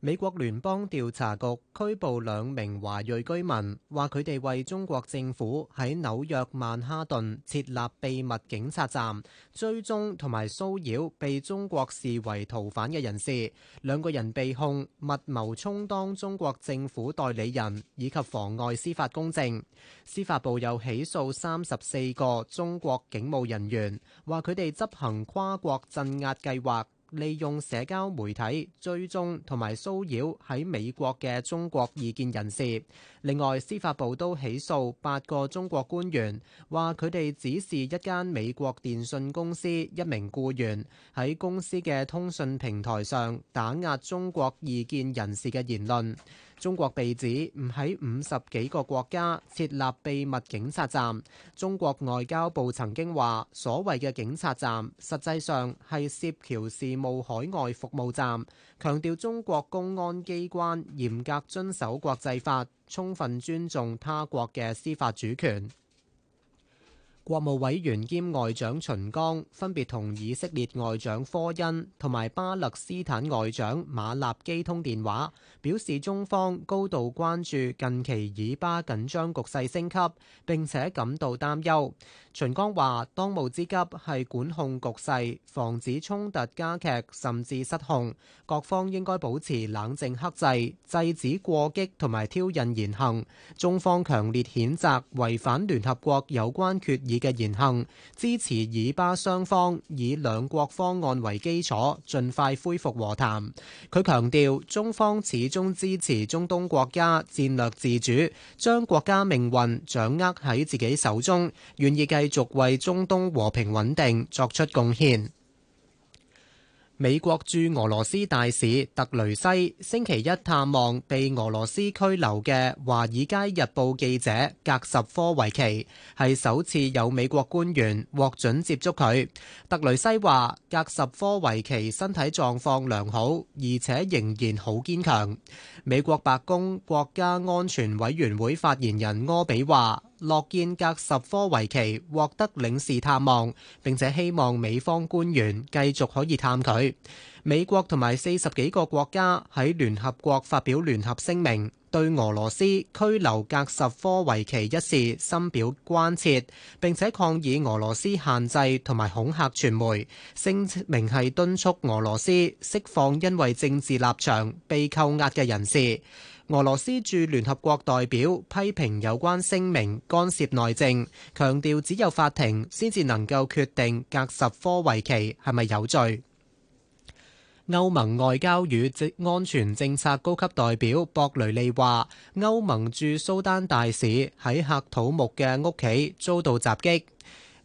美國聯邦調查局拘捕兩名華裔居民，話佢哋為中國政府喺紐約曼哈頓設立秘密警察站，追蹤同埋騷擾被中國視為逃犯嘅人士。兩個人被控密謀充當中國政府代理人，以及妨礙司法公正。司法部又起訴三十四個中國警務人員，話佢哋執行跨國鎮壓計劃。利用社交媒體追蹤同埋騷擾喺美國嘅中國異見人士。另外，司法部都起訴八個中國官員，話佢哋指使一間美國電訊公司一名僱員喺公司嘅通訊平台上打壓中國異見人士嘅言論。中國被指唔喺五十幾個國家設立秘密警察站。中國外交部曾經話：所謂嘅警察站，實際上係涉僑事務海外服務站。強調中國公安機關嚴格遵守國際法，充分尊重他國嘅司法主權。國務委員兼外長秦剛分別同以色列外長科恩同埋巴勒斯坦外長馬立基通電話，表示中方高度關注近期以巴緊張局勢升級，並且感到擔憂。秦剛話：當務之急係管控局勢，防止衝突加劇甚至失控。各方應該保持冷靜克制，制止過激同埋挑釁言行。中方強烈譴責違反聯合國有關決議嘅言行，支持以巴雙方以兩國方案為基礎，盡快恢復和談，佢強調中方始終支持中東國家戰略自主，將國家命運掌握喺自己手中，願意繼續為中東和平穩定作出貢獻。美國駐俄羅斯大使特雷西星期一探望被俄羅斯拘留嘅《華爾街日報》記者格什科維奇，係首次有美國官員獲准接觸佢。特雷西話：格什科維奇身體狀況良好，而且仍然好堅強。美國白宮國家安全委員會發言人柯比話。樂見格什科維奇獲得領事探望，並且希望美方官員繼續可以探佢。美國同埋四十幾個國家喺聯合國發表聯合聲明，對俄羅斯拘留格什科維奇一事深表關切，並且抗議俄羅斯限制同埋恐嚇傳媒。聲明係敦促俄羅斯釋放因為政治立場被扣押嘅人士。俄羅斯駐聯合國代表批評有關聲明干涉內政，強調只有法庭先至能夠決定格什科維奇係咪有罪。歐盟外交與安全政策高級代表博雷利話，歐盟駐蘇丹大使喺喀土木嘅屋企遭到襲擊。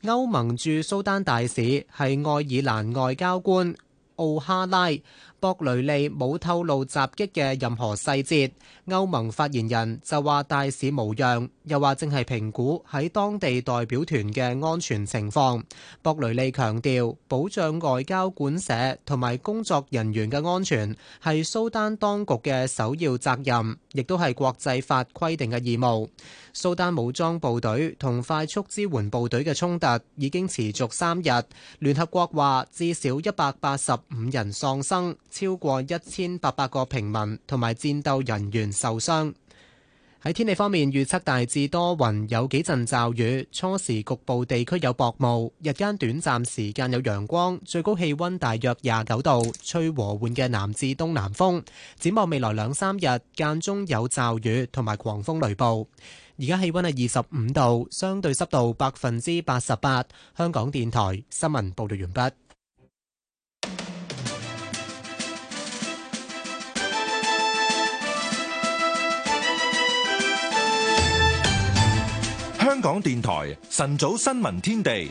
歐盟駐蘇丹大使係愛爾蘭外交官奧哈拉。博雷利冇透露襲擊嘅任何細節，歐盟發言人就話大使無恙，又話正係評估喺當地代表團嘅安全情況，博雷利強調保障外交館舍同埋工作人員嘅安全係蘇丹當局嘅首要責任，亦都係國際法規定嘅義務，蘇丹武裝部隊同快速支援部隊嘅衝突已經持續三日。聯合國話至少一百八十五人喪生。超過一千八百個平民同埋戰鬥人員受傷。喺天氣方面，預測大致多雲，有幾陣驟雨，初時局部地區有薄霧，日間短暫時間有陽光，最高氣温大約廿九度，吹和緩嘅南至東南風。展望未來兩三日，間中有驟雨同埋狂風雷暴。而家氣温係二十五度，相對濕度百分之八十八。香港電台新聞報導完畢。香港電台晨早新聞天地。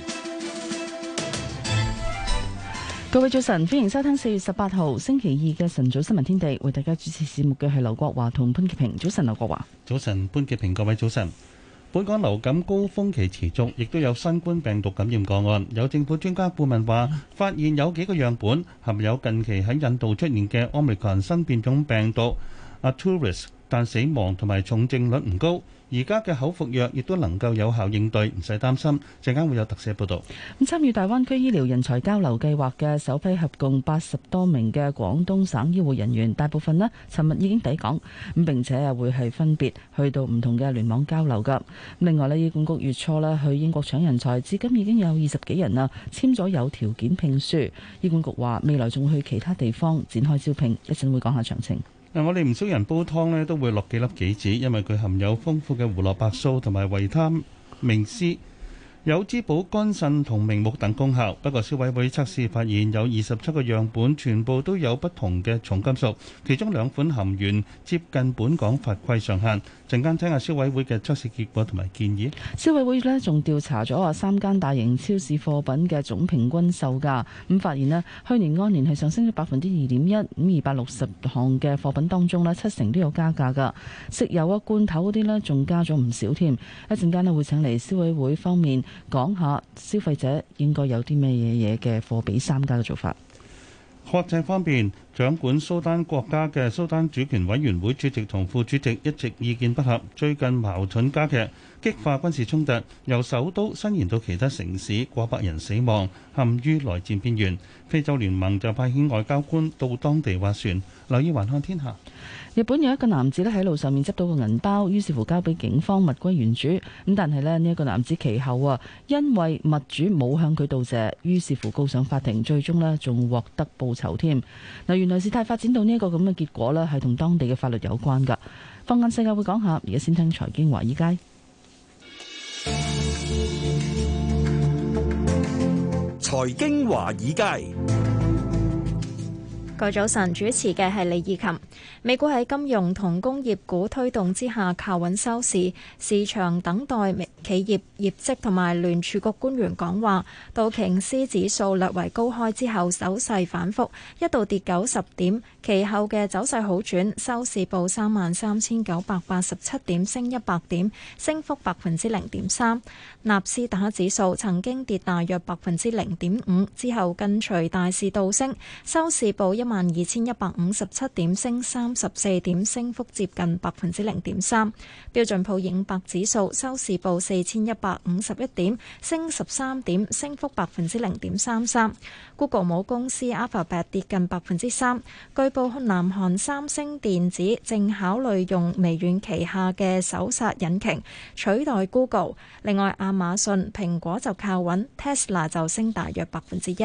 各位早晨，歡迎收聽四月十八號星期二嘅晨早新聞天地，為大家主持節目嘅係劉國華同潘潔平。早晨，劉國華，早晨，潘潔平，各位早晨。本港流感高峰期持續，亦都有新冠病毒感染個案。有政府專家顧問話，發現有幾個樣本含有近期喺印度出現嘅奧密克戎新變種病毒，啊 Arcturus，但死亡同埋重症率唔高。而家嘅口服藥亦都能夠有效應對，唔使擔心。陣間會有特寫報道。咁參與大灣區醫療人才交流計劃嘅首批合共八十多名嘅廣東省醫護人員，大部分咧，尋日已經抵港，咁並且啊會係分別去到唔同嘅聯網交流㗎。另外咧，醫管局月初咧去英國搶人才，至今已經有二十幾人啊簽咗有條件聘書。醫管局話未來仲會去其他地方展開招聘，一陣會講下詳情。嗱，我哋唔少人煲湯咧，都會落幾粒杞子，因為佢含有豐富嘅胡蘿蔔素同埋維他命 C，有滋補肝腎同明目等功效。不過消委會測試發現，有二十七個樣本全部都有不同嘅重金屬，其中兩款含鉛接近本港法規上限。陣間聽下消委會嘅測試結果同埋建議。消委會咧仲調查咗啊三間大型超市貨品嘅總平均售價，咁發現咧去年按年係上升咗百分之二點一。咁二百六十項嘅貨品當中咧，七成都有加價噶，食油啊罐頭嗰啲呢，仲加咗唔少添。一陣間咧會請嚟消委會方面講下消費者應該有啲咩嘢嘢嘅貨比三家嘅做法。國際方面，掌管蘇丹國家嘅蘇丹主權委員會主席同副主席一直意見不合，最近矛盾加劇，激化軍事衝突，由首都伸延到其他城市，過百人死亡，陷於內戰邊緣。非洲聯盟就派遣外交官到當地斡旋，留意環看天下。日本有一個男子咧喺路上面執到個銀包，於是乎交俾警方物歸原主。咁但係咧呢一個男子其後啊，因為物主冇向佢道謝，於是乎告上法庭，最終咧仲獲得報酬添。嗱，原來事態發展到呢一個咁嘅結果啦，係同當地嘅法律有關噶放眼世界會講下，而家先聽財經華爾街。財經華爾街。早早晨主持嘅係李以琴。美股喺金融同工業股推動之下靠穩收市，市場等待企業業績同埋聯儲局官員講話。道瓊斯指數略為高開之後走勢反覆，一度跌九十點，其後嘅走勢好轉，收市報三萬三千九百八十七點，升一百點，升幅百分之零點三。納斯達克指數曾經跌大約百分之零點五，之後跟隨大市倒升，收市報一。萬二千一百五十七點升三十四點，升幅接近百分之零點三。標準普爾五百指數收市報四千一百五十一點，升十三點，升幅百分之零點三三。Google 母公司 Alphabet 跌近百分之三。據報南韓三星電子正考慮用微軟旗下嘅搜索引擎取代 Google。另外，亞馬遜、蘋果就靠穩，Tesla 就升大約百分之一。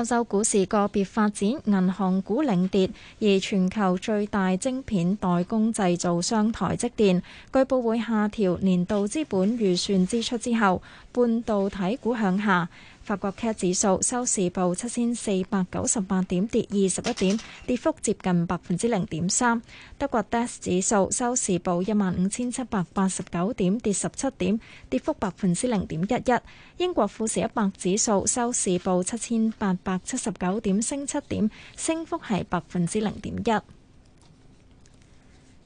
澳洲股市個別發展，銀行股領跌，而全球最大晶片代工製造商台積電據報會下調年度資本預算支出之後，半導體股向下。法國 CAC 指數收市報七千四百九十八點，跌二十一點，跌幅接近百分之零點三。德國 DAX 指數收市報一萬五千七百八十九點，跌十七點，跌幅百分之零點一一。英國富時一百指數收市報七千八百七十九點，升七點，升幅係百分之零點一。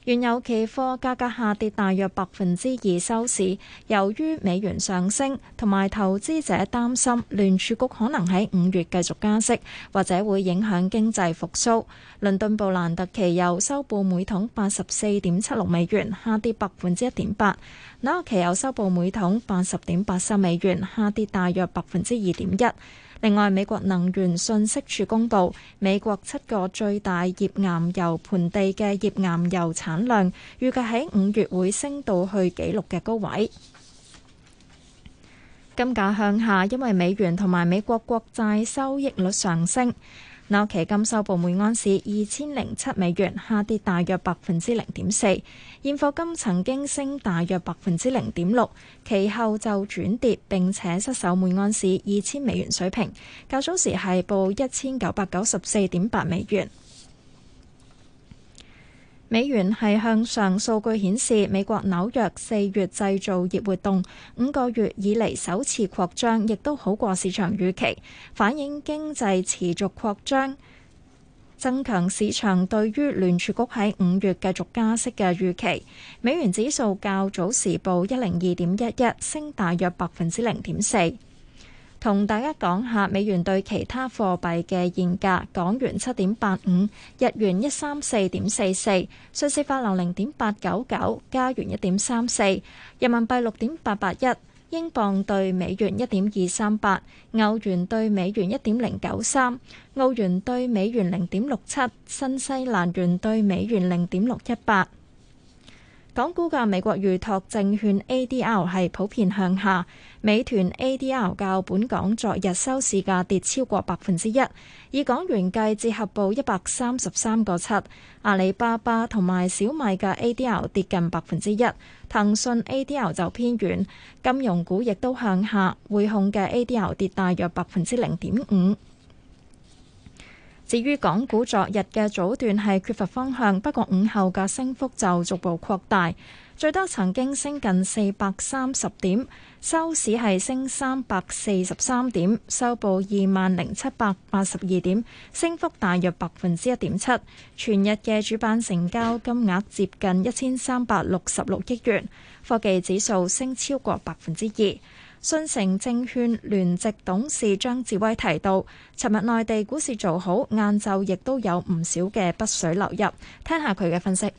原油期貨價格下跌大約百分之二收市，由於美元上升同埋投資者擔心聯儲局可能喺五月繼續加息，或者會影響經濟復甦。倫敦布蘭特期油收報每桶八十四點七六美元，下跌百分之一點八。紐約期油收報每桶八十點八三美元，下跌大約百分之二點一。另外，美國能源信息署公布，美國七個最大頁岩油盆地嘅頁岩油產量預計喺五月會升到去紀錄嘅高位。金價向下，因為美元同埋美國國債收益率上升。紐期金收報每盎司二千零七美元，下跌大約百分之零點四。現貨金曾經升大約百分之零點六，其後就轉跌並且失守每安士二千美元水平，較早時係報一千九百九十四點八美元。美元係向上，數據顯示美國紐約四月製造業活動五個月以嚟首次擴張，亦都好過市場預期，反映經濟持續擴張，增強市場對於聯儲局喺五月繼續加息嘅預期，美元指數較早時報一零二點一一，升大約百分之零點四。同大家講下美元對其他貨幣嘅現價：港元七點八五，日元一三四點四四，瑞士法郎零點八九九，加元一點三四，人民幣六點八八一。英鎊兌美元一點二三八，歐元兌美元一點零九三，澳元兌美元零點六七，新西蘭元兌美元零點六一八。港股嘅美國預託證券 A D R 係普遍向下，美團 A D R 較本港昨日收市價跌超過百分之一，以港元計折合報一百三十三個七。阿里巴巴同埋小米嘅 A D R 跌近百分之一，騰訊 A D R 就偏軟。金融股亦都向下，匯控嘅 A D R 跌大約百分之零點五。至於港股昨日嘅早段係缺乏方向，不過午後嘅升幅就逐步擴大，最多曾經升近四百三十點，收市係升三百四十三點，收報二萬零七百八十二點，升幅大約百分之一點七。全日嘅主板成交金額接近一千三百六十六億元，科技指數升超過百分之二。信誠證券聯席董事張智威提到，尋日內地股市做好，晏晝亦都有唔少嘅北水流入，聽下佢嘅分析。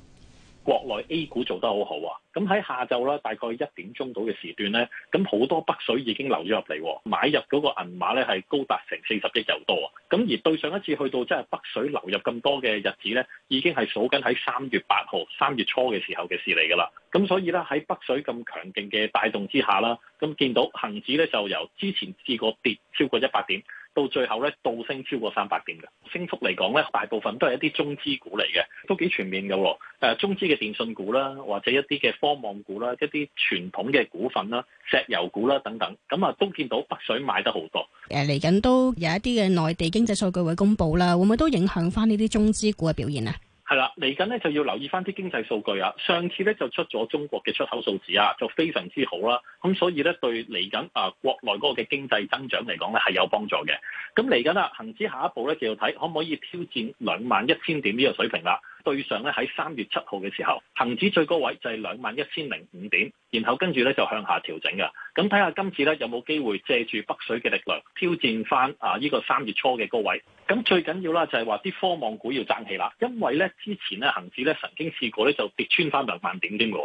國內 A 股做得好好啊！咁喺下晝啦，大概一點鐘到嘅時段咧，咁好多北水已經流咗入嚟，買入嗰個銀碼咧係高達成四十億又多啊！咁而對上一次去到即係北水流入咁多嘅日子咧，已經係數緊喺三月八號三月初嘅時候嘅事嚟㗎啦。咁所以咧喺北水咁強勁嘅帶動之下啦，咁見到恒指咧就由之前試過跌超過一百點。到最後咧，倒升超過三百點嘅升幅嚟講咧，大部分都係一啲中資股嚟嘅，都幾全面嘅喎。誒，中資嘅電信股啦，或者一啲嘅科網股啦，一啲傳統嘅股份啦，石油股啦等等，咁啊都見到北水買得好多。誒，嚟緊都有一啲嘅內地經濟數據會公布啦，會唔會都影響翻呢啲中資股嘅表現啊？係啦，嚟緊咧就要留意翻啲經濟數據啊。上次咧就出咗中國嘅出口數字啊，就非常之好啦。咁所以咧對嚟緊啊國內嗰個嘅經濟增長嚟講咧係有幫助嘅。咁嚟緊啦，恆指下一步咧就要睇可唔可以挑戰兩萬一千點呢個水平啦。對上咧喺三月七號嘅時候，恆指最高位就係兩萬一千零五點，然後跟住咧就向下調整嘅。咁睇下今次咧有冇機會借住北水嘅力量挑戰翻啊呢、呢個三月初嘅高位。咁最緊要啦就係話啲科網股要爭氣啦，因為咧之前咧恒指咧曾經試過咧就跌穿返兩萬點添㗎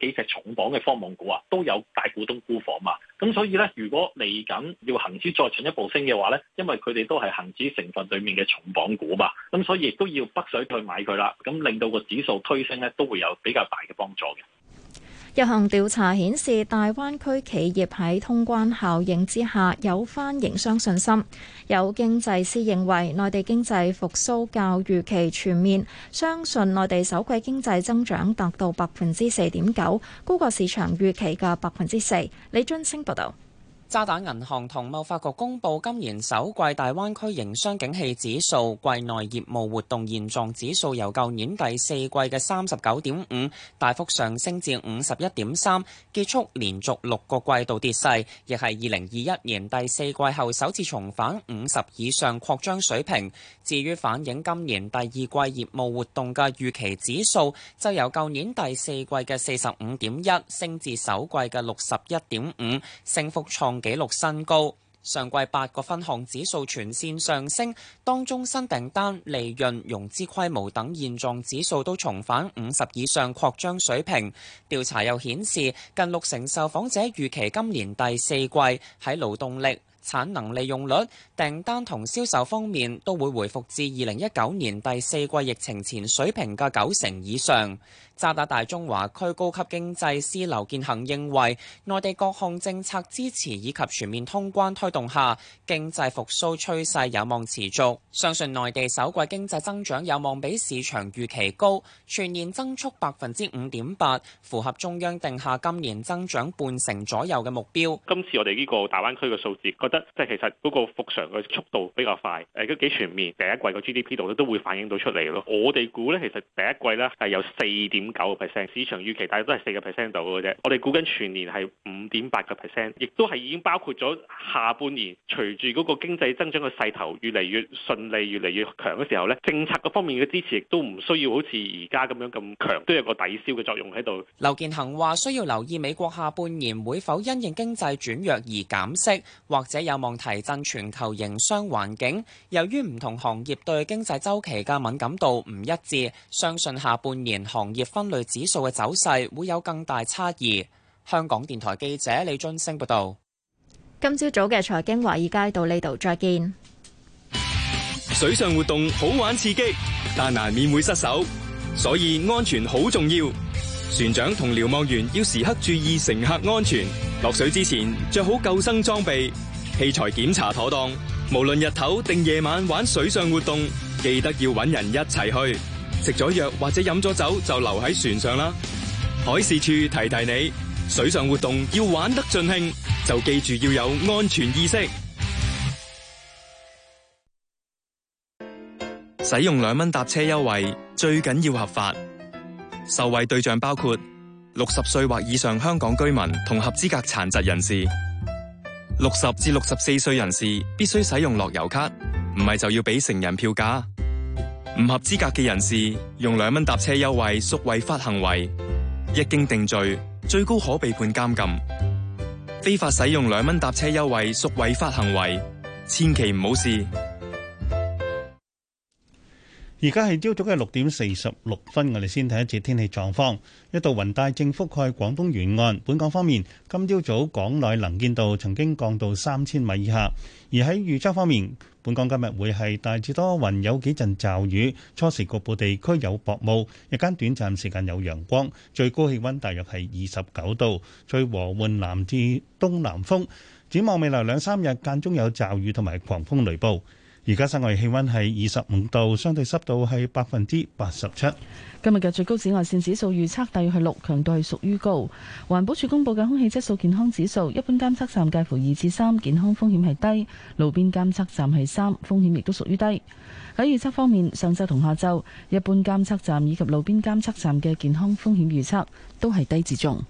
幾隻重磅嘅科網股啊都有大股東沽房嘛。咁所以咧如果嚟緊要恒指再進一步升嘅話咧，因為佢哋都係恒指成分裡面嘅重磅股嘛，咁所以亦都要北水去買佢啦，咁令到個指數推升咧都會有比較大嘅幫助嘅。一項調查顯示，大灣區企業喺通關效應之下有翻營商信心。有經濟師認為，內地經濟復甦較預期全面，相信內地首季經濟增長達到百分之四點九，高過市場預期嘅百分之四。李津升報道。渣打銀行同貿發局公布今年首季大灣區營商景氣指數、季內業務活動現狀指數，由舊年第四季嘅三十九點五大幅上升至五十一點三，結束連續六個季度跌勢，亦係二零二一年第四季後首次重返五十以上擴張水平。至於反映今年第二季業務活動嘅預期指數，就由舊年第四季嘅四十五點一升至首季嘅六十一點五，升幅創紀錄新高，上季八個分項指數全線上升，當中新訂單、利潤、融資規模等現狀指數都重返五十以上擴張水平。調查又顯示，近六成受訪者預期今年第四季喺勞動力、產能利用率、訂單同銷售方面都會回復至二零一九年第四季疫情前水平嘅九成以上。渣打大中華區高級經濟師劉建恒認為，內地各項政策支持以及全面通關推動下，經濟復甦趨勢有望持續。相信內地首季經濟增長有望比市場預期高，全年增速百分之五點八，符合中央定下今年增長半成左右嘅目標。今次我哋呢個大灣區嘅數字，覺得即係其實嗰個復常嘅速度比較快，誒都幾全面。第一季個 GDP 度都會反映到出嚟咯。我哋估呢，其實第一季呢係有四點五九個 percent，市場預期大約都係四個 percent 到嘅啫。我哋估緊全年係五點八個 percent，亦都係已經包括咗下半年。隨住嗰個經濟增長嘅勢頭越嚟越順利、越嚟越強嘅時候咧，政策嗰方面嘅支持亦都唔需要好似而家咁樣咁強，都有個抵消嘅作用喺度。劉建恒話：需要留意美國下半年會否因應經濟轉弱而減息，或者有望提振全球營商環境。由於唔同行業對經濟周期嘅敏感度唔一致，相信下半年行業。分類指數嘅走勢會有更大差異。香港電台記者李津升報道。今朝早嘅財經華爾街到呢度再見。水上活動好玩刺激，但難免會失手，所以安全好重要。船長同瞭望員要時刻注意乘客安全。落水之前着好救生裝備，器材檢查妥當。無論日頭定夜晚玩水上活動，記得要揾人一齊去。食咗藥或者飲咗酒就留喺船上啦。海事處提提你，水上活動要玩得盡興，就記住要有安全意識。使用兩蚊搭車優惠，最緊要合法。受惠對象包括六十歲或以上香港居民同合資格殘疾人士。六十至六十四歲人士必須使用樂悠卡，唔係就要俾成人票價。唔合資格嘅人士用兩蚊搭車優惠屬違法行為，一經定罪，最高可被判監禁。非法使用兩蚊搭車優惠屬違法行為，千祈唔好試。而家係朝早嘅六點四十六分，我哋先睇一節天氣狀況。一道雲帶正覆蓋廣東沿岸。本港方面，今朝早港內能見度曾經降到三千米以下，而喺預測方面。本港今日會係大致多雲，有幾陣驟雨，初時局部地區有薄霧，日間短暫時間有陽光，最高氣温大約係二十九度，吹和緩南至東南風。展望未來兩三日間中有驟雨同埋狂風雷暴。而家室外氣溫係二十五度，相對濕度係百分之八十七。今日嘅最高紫外線指數預測大約係六，強度係屬於高。環保署公布嘅空氣質素健康指數，一般監測站介乎二至三，健康風險係低；路邊監測站係三，風險亦都屬於低。喺預測方面，上晝同下晝，一般監測站以及路邊監測站嘅健康風險預測都係低至中。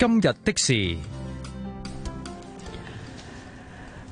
今日的事。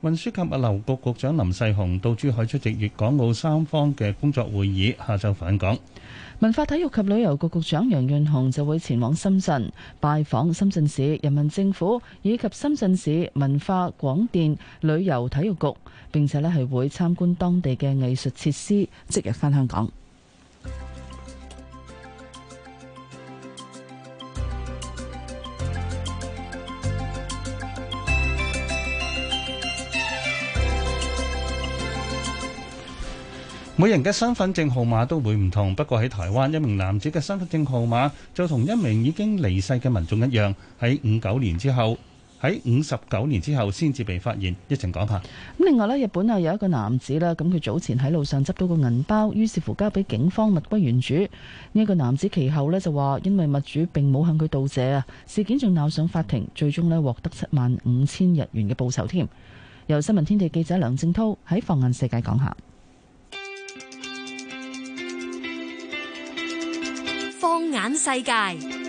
運輸及物流局局長林世雄到珠海出席粵港澳三方嘅工作會議，下晝返港。文化體育及旅遊局局長楊潤雄就會前往深圳拜訪深圳市人民政府以及深圳市文化廣電旅遊體育局，並且咧係會參觀當地嘅藝術設施，即日返香港。每人嘅身份證號碼都會唔同，不過喺台灣，一名男子嘅身份證號碼就同一名已經離世嘅民眾一樣，喺五九年之後，喺五十九年之後先至被發現。一陣講下。另外咧，日本啊有一個男子啦，咁佢早前喺路上執到個銀包，於是乎交俾警方物歸原主。呢、這、一個男子其後咧就話，因為物主並冇向佢道謝啊，事件仲鬧上法庭，最終咧獲得七萬五千日元嘅報酬添。由新聞天地記者梁正濤喺放眼世界講下。放眼世界。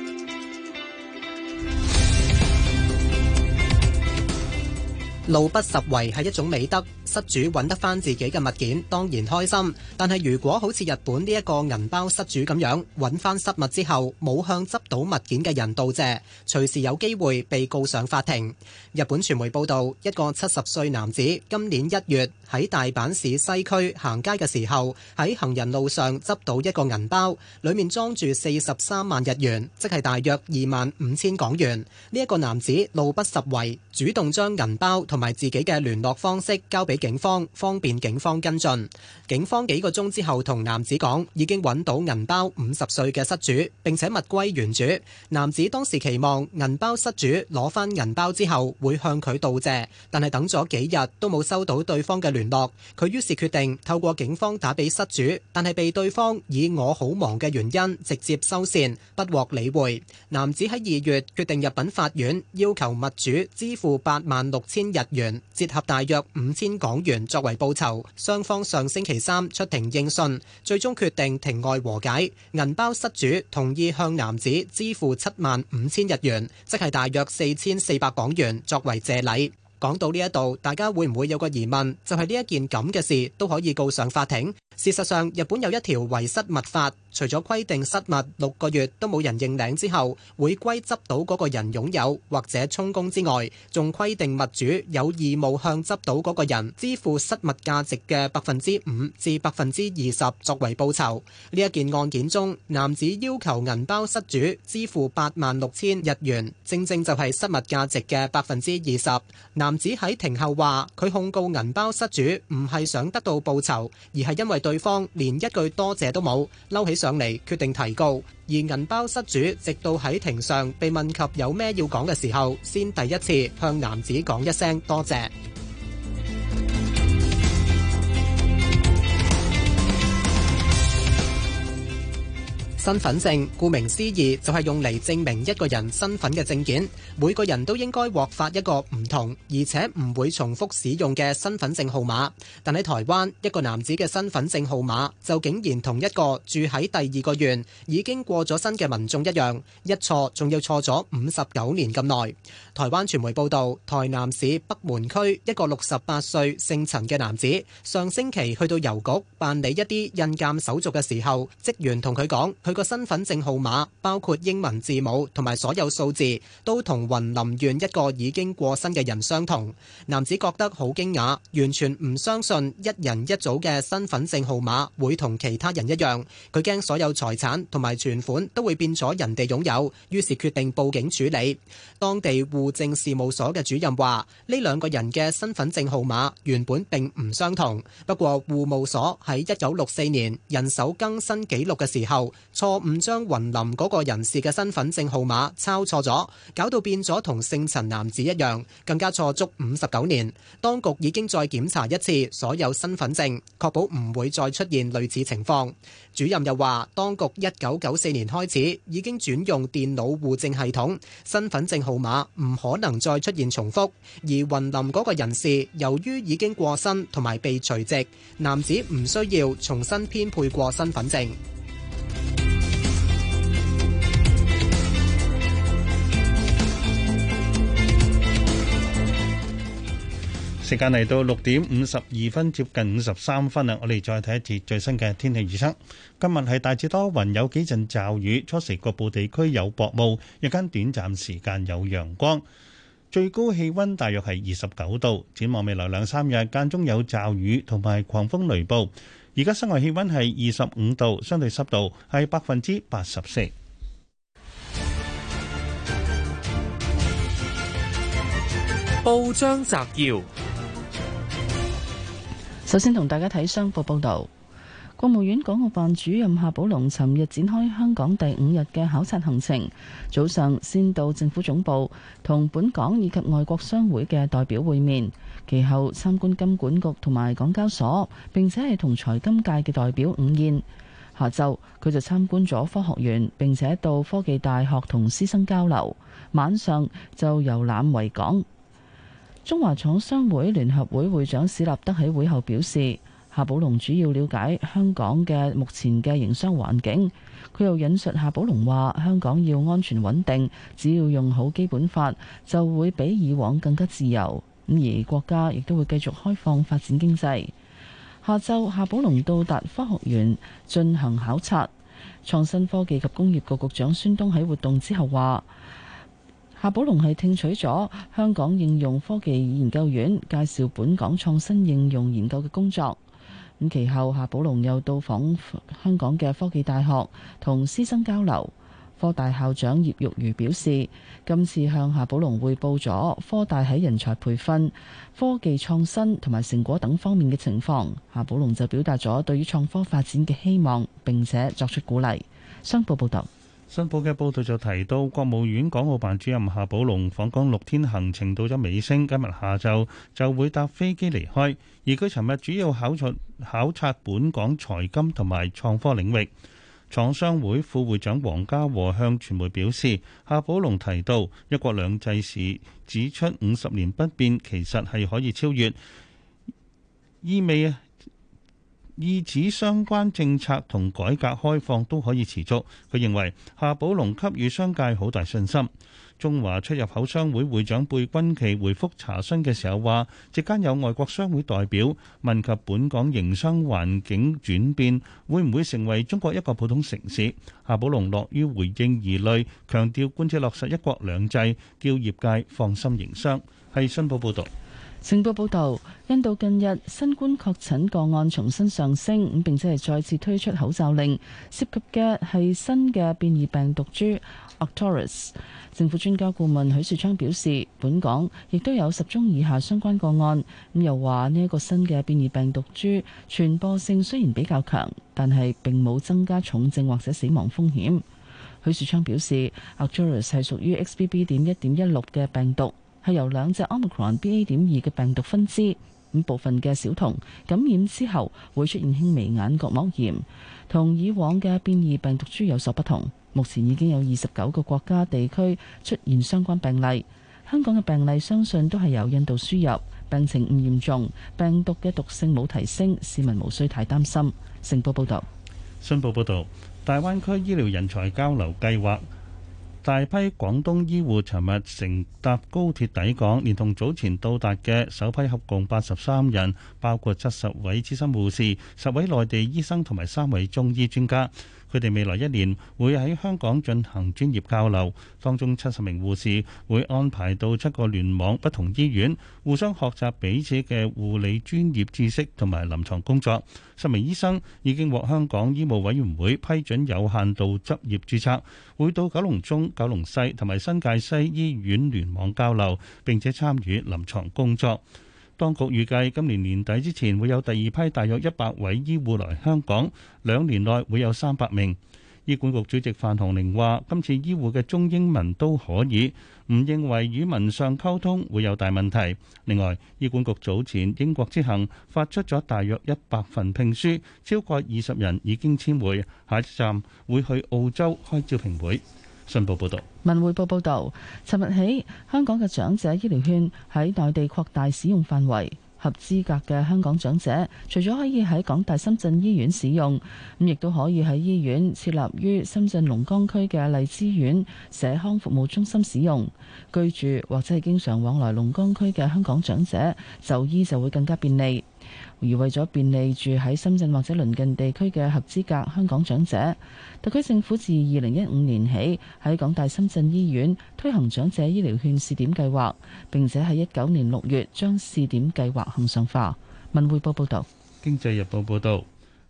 路不拾遺係一種美德，失主揾得翻自己嘅物件當然開心。但係如果好似日本呢一個銀包失主咁樣揾翻失物之後冇向執到物件嘅人道謝，隨時有機會被告上法庭。日本傳媒報道，一個七十歲男子今年一月喺大阪市西區行街嘅時候，喺行人路上執到一個銀包，裡面裝住四十三萬日元，即係大約二萬五千港元。呢一個男子路不拾遺，主動將銀包同同埋自己嘅聯絡方式交俾警方，方便警方跟進。警方幾個鐘之後同男子講，已經揾到銀包，五十歲嘅失主，並且物歸原主。男子當時期望銀包失主攞翻銀包之後會向佢道謝，但係等咗幾日都冇收到對方嘅聯絡，佢於是決定透過警方打俾失主，但係被對方以我好忙嘅原因直接收線，不獲理會。男子喺二月決定入稟法院，要求物主支付八萬六千日元折合大約五千港元作為報酬，雙方上星期三出庭應訊，最終決定庭外和解。銀包失主同意向男子支付七萬五千日元，即係大約四千四百港元作為謝禮。講到呢一度，大家會唔會有個疑問？就係呢一件咁嘅事都可以告上法庭。事實上，日本有一條遺失物法，除咗規定失物六個月都冇人認領之後會歸執到嗰個人擁有或者充公之外，仲規定物主有義務向執到嗰個人支付失物價值嘅百分之五至百分之二十作為報酬。呢一件案件中，男子要求銀包失主支付八萬六千日元，正正就係失物價值嘅百分之二十。男子喺庭後話：佢控告銀包失主唔係想得到報酬，而係因為對對方連一句多謝都冇，嬲起上嚟，決定提告。而銀包失主直到喺庭上被問及有咩要講嘅時候，先第一次向男子講一聲多謝。身份證，顧名思義就係用嚟證明一個人身份嘅證件。每個人都應該獲發一個唔同，而且唔會重複使用嘅身份證號碼。但喺台灣，一個男子嘅身份證號碼就竟然同一個住喺第二個縣已經過咗身嘅民眾一樣，一錯仲要錯咗五十九年咁耐。台灣傳媒報導，台南市北門區一個六十八歲姓陳嘅男子，上星期去到郵局辦理一啲印鑑手續嘅時候，職員同佢講佢個身份證號碼包括英文字母同埋所有數字，都同雲林縣一個已經過身嘅人相同。男子覺得好驚訝，完全唔相信一人一組嘅身份證號碼會同其他人一樣。佢驚所有財產同埋存款都會變咗人哋擁有，於是決定報警處理。當地戶政事務所嘅主任話：呢兩個人嘅身份證號碼原本並唔相同，不過戶務所喺一九六四年人手更新紀錄嘅時候。錯誤將雲林嗰個人士嘅身份證號碼抄錯咗，搞到變咗同姓陳男子一樣，更加錯足五十九年。當局已經再檢查一次所有身份證，確保唔會再出現類似情況。主任又話，當局一九九四年開始已經轉用電腦戶政系統，身份證號碼唔可能再出現重複。而雲林嗰個人士由於已經過身同埋被除籍，男子唔需要重新編配過身份證。時間嚟到六點五十二分，接近五十三分啦。我哋再睇一節最新嘅天氣預測。今日係大致多雲，有幾陣驟雨，初時局部地區有薄霧，日間短暫時間有陽光。最高氣溫大約係二十九度。展望未來兩三日間中有驟雨同埋狂風雷暴。而家室外氣溫係二十五度，相對濕度係百分之八十四。報章摘要。首先同大家睇商報報道，國務院港澳辦主任夏寶龍尋日展開香港第五日嘅考察行程。早上先到政府總部同本港以及外國商會嘅代表會面，其後參觀金管局同埋港交所，並且係同財金界嘅代表午宴。下晝佢就參觀咗科學園，並且到科技大學同師生交流。晚上就遊覽維港。中華廠商會聯合會會長史立德喺會後表示，夏寶龍主要了解香港嘅目前嘅營商環境。佢又引述夏寶龍話：香港要安全穩定，只要用好基本法，就會比以往更加自由。咁而國家亦都會繼續開放發展經濟。下晝夏寶龍到達科學園進行考察。創新科技及工業局局長孫東喺活動之後話。夏寶龍係聽取咗香港應用科技研究院介紹本港創新應用研究嘅工作，咁其後夏寶龍又到訪香港嘅科技大學同師生交流。科大校長葉玉如表示，今次向夏寶龍匯報咗科大喺人才培訓、科技創新同埋成果等方面嘅情況。夏寶龍就表達咗對於創科發展嘅希望，並且作出鼓勵。商報報道。新報嘅報導就提到，國務院港澳辦主任夏寶龍訪港六天行程到咗尾聲，今日下晝就會搭飛機離開。而佢尋日主要考察考察本港財金同埋創科領域。廠商會副會長黃家和向傳媒表示，夏寶龍提到一國兩制時指出五十年不變，其實係可以超越，意味、啊。以此相關政策同改革開放都可以持續。佢認為夏寶龍給予商界好大信心。中華出入口商會會長貝君琪回覆查詢嘅時候話：席間有外國商會代表問及本港營商環境轉變會唔會成為中國一個普通城市？夏寶龍樂於回應疑慮，強調貫徹落實一國兩制，叫業界放心營商。係新報報道。成報報道，印度近日新冠確診個案重新上升，咁並且係再次推出口罩令，涉及嘅係新嘅變異病毒株 Arcturus。政府專家顧問許樹昌表示，本港亦都有十宗以下相關個案。咁又話呢一個新嘅變異病毒株傳播性雖然比較強，但係並冇增加重症或者死亡風險。許樹昌表示，Arcturus 係屬於 XBB 點一點一六嘅病毒。係由兩隻 Omicron BA. 點二嘅病毒分支，咁部分嘅小童感染之後會出現輕微眼角膜炎，同以往嘅變異病毒株有所不同。目前已經有二十九個國家地區出現相關病例，香港嘅病例相信都係由印度輸入，病情唔嚴重，病毒嘅毒性冇提升，市民無需太擔心。成報報道：「新報報道，大灣區醫療人才交流計劃。大批廣東醫護尋日乘搭高鐵抵港，連同早前到達嘅首批合共八十三人，包括七十位資深護士、十位內地醫生同埋三位中醫專家。佢哋未來一年會喺香港進行專業交流，當中七十名護士會安排到七個聯網不同醫院，互相學習彼此嘅護理專業知識同埋臨床工作。十名醫生已經獲香港醫務委員會批准有限度執業註冊，會到九龍中、九龍西同埋新界西醫院聯網交流，並且參與臨床工作。當局預計今年年底之前會有第二批大約一百位醫護來香港，兩年內會有三百名。醫管局主席范鴻齡話，今次醫護嘅中英文都可以，唔認為語文上溝通會有大問題。另外，醫管局早前英國之行發出咗大約一百份聘書，超過二十人已經簽回，下一站會去澳洲開招聘會。信報報導，文匯報報導，尋日起香港嘅長者醫療券喺內地擴大使用範圍，合資格嘅香港長者除咗可以喺港大深圳醫院使用，咁亦都可以喺醫院設立於深圳龍崗區嘅荔枝苑社康服務中心使用。居住或者係經常往來龍崗區嘅香港長者就醫就會更加便利。而為咗便利住喺深圳或者鄰近地區嘅合資格香港長者，特區政府自二零一五年起喺港大深圳醫院推行長者醫療券試點計劃，並且喺一九年六月將試點計劃恆常化。文匯報報導，《經濟日報》報導，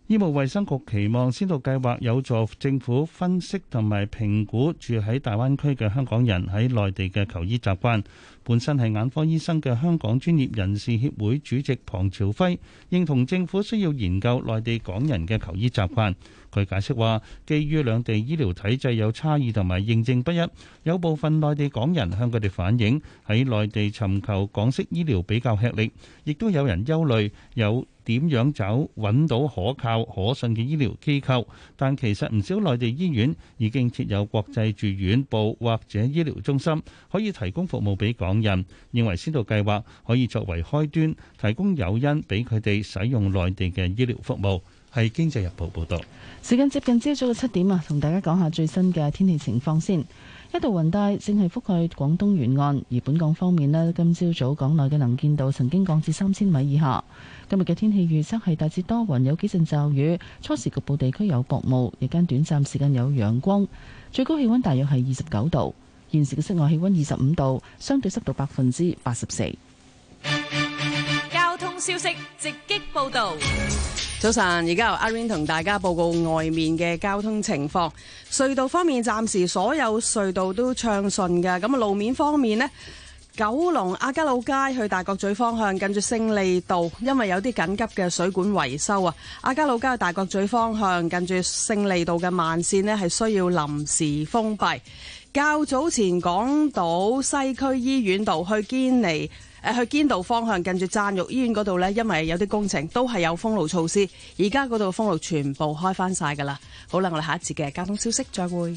醫務衛生局期望先導計劃有助政府分析同埋評估住喺大灣區嘅香港人喺內地嘅求醫習慣。本身係眼科醫生嘅香港專業人士協會主席龐朝輝認同政府需要研究內地港人嘅求醫習慣，佢解釋話基於兩地醫療體制有差異同埋認證不一，有部分內地港人向佢哋反映喺內地尋求港式醫療比較吃力，亦都有人憂慮有點樣走揾到可靠可信嘅醫療機構，但其實唔少內地醫院已經設有國際住院部或者醫療中心，可以提供服務俾港。人認為先導計劃可以作為開端，提供誘因俾佢哋使用內地嘅醫療服務。係《經濟日報》報道。時間接近朝早嘅七點啊，同大家講下最新嘅天氣情況先。一道雲帶正係覆蓋廣東沿岸，而本港方面呢，今朝早港內嘅能見度曾經降至三千米以下。今日嘅天氣預測係大致多雲，有幾陣驟雨，初時局部地區有薄霧，日間短暫時間有陽光，最高氣温大約係二十九度。現時嘅室外氣溫二十五度，相對濕度百分之八十四。交通消息直擊報道，早晨，而家由阿 rain 同大家報告外面嘅交通情況。隧道方面，暫時所有隧道都暢順噶。咁路面方面咧，九龍亞皆老街去大角咀方向近住勝利道，因為有啲緊急嘅水管維修啊。亞皆老街去大角咀方向近住勝利道嘅慢綫咧，係需要臨時封閉。較早前講到西區醫院度去堅尼誒、呃、去堅道方向近住贊育醫院嗰度呢，因為有啲工程都係有封路措施，而家嗰度封路全部開翻晒噶啦。好啦，我哋下一節嘅交通消息再會。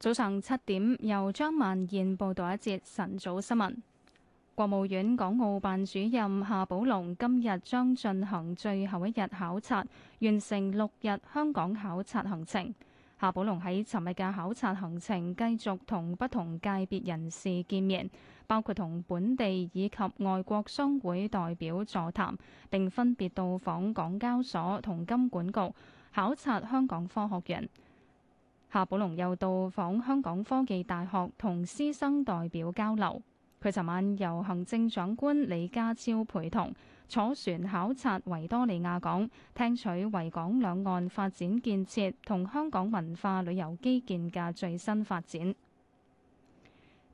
早上七點，由張萬燕報道一節晨早新聞。國務院港澳辦主任夏寶龍今日將進行最後一日考察，完成六日香港考察行程。夏寶龍喺尋日嘅考察行程繼續同不同界別人士見面，包括同本地以及外國商會代表座談，並分別到訪港交所同金管局考察香港科學院。夏寶龍又到訪香港科技大學，同師生代表交流。佢昨晚由行政長官李家超陪同坐船考察維多利亞港，聽取維港兩岸發展建設同香港文化旅遊基建嘅最新發展。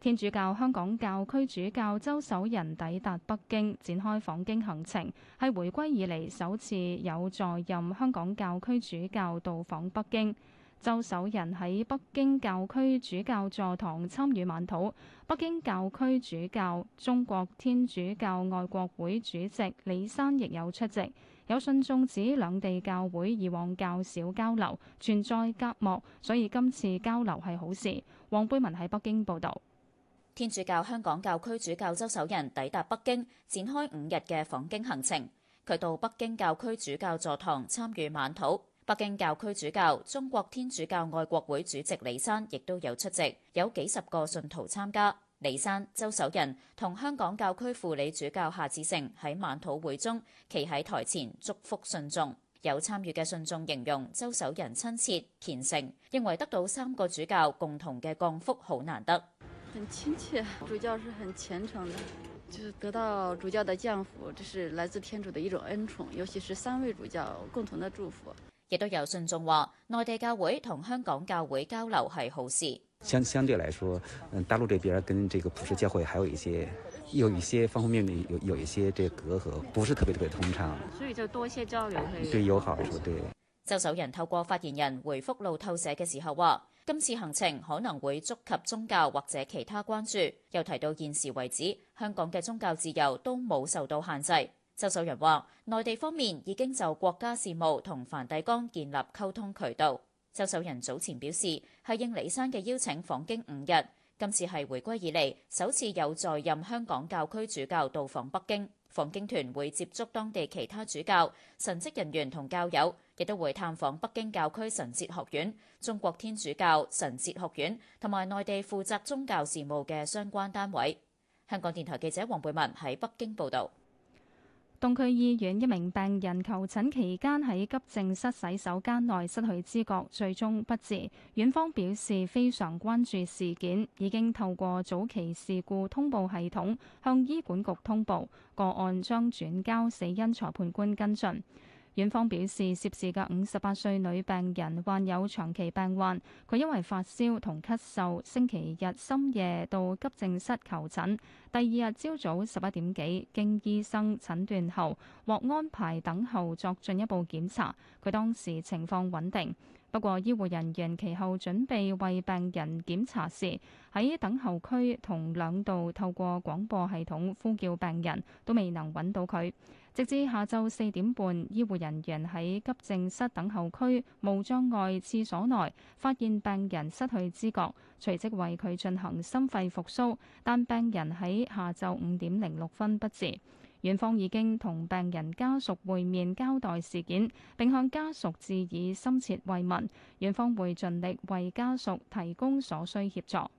天主教香港教區主教周守仁抵達北京，展開訪京行程，係回歸以嚟首次有在任香港教區主教到訪北京。周守仁喺北京教區主教座堂參與晚禱，北京教區主教、中國天主教愛國會主席李山亦有出席。有信眾指兩地教會以往較少交流，存在隔膜，所以今次交流係好事。黃貝文喺北京報導。天主教香港教區主教周守仁抵達北京，展開五日嘅訪京行程。佢到北京教區主教座堂參與晚禱。北京教區主教、中國天主教愛國會主席李山亦都有出席，有幾十個信徒參加。李山、周守仁同香港教區輔理主教夏志誠喺晚土會中企喺台前祝福信眾。有參與嘅信眾形容周守仁親切虔誠，認為得到三個主教共同嘅降福好難得。很親切，主教是很虔誠的，就是得到主教的降福，這，就是來自天主的一種恩寵，尤其是三位主教共同的祝福。亦都有信眾話，內地教會同香港教會交流係好事。相相對來說，嗯，大陸這邊跟這個普世教會還有一些，有一些方方面面，有有一些這個隔閡，不是特別特別通暢。所以就多一些交流係對有好處，對。周守仁透過發言人回覆路透社嘅時候話：今次行程可能會觸及宗教或者其他關注。又提到現時為止，香港嘅宗教自由都冇受到限制。周守仁話：內地方面已經就國家事務同梵蒂岡建立溝通渠道。周守仁早前表示，係應李山嘅邀請訪京五日，今次係回歸以嚟首次有在任香港教區主教到訪北京。訪京團會接觸當地其他主教、神職人員同教友，亦都會探訪北京教區神哲學院、中國天主教神哲學院同埋內地負責宗教事務嘅相關單位。香港電台記者黃貝文喺北京報導。東區醫院一名病人求診期間喺急症室洗手間內失去知覺，最終不治。院方表示非常關注事件，已經透過早期事故通報系統向醫管局通報，個案將轉交死因裁判官跟進。院方表示，涉事嘅五十八歲女病人患有長期病患，佢因為發燒同咳嗽，星期日深夜到急症室求診，第二日朝早十一點幾經醫生診斷後獲安排等候作進一步檢查。佢當時情況穩定，不過醫護人員其後準備為病人檢查時，喺等候區同兩度透過廣播系統呼叫病人，都未能揾到佢。直至下晝四點半，醫護人員喺急症室等候區無障礙廁所內發現病人失去知覺，隨即為佢進行心肺復甦，但病人喺下晝五點零六分不治。院方已經同病人家屬會面交代事件，並向家屬致以深切慰問。院方會盡力為家屬提供所需協助。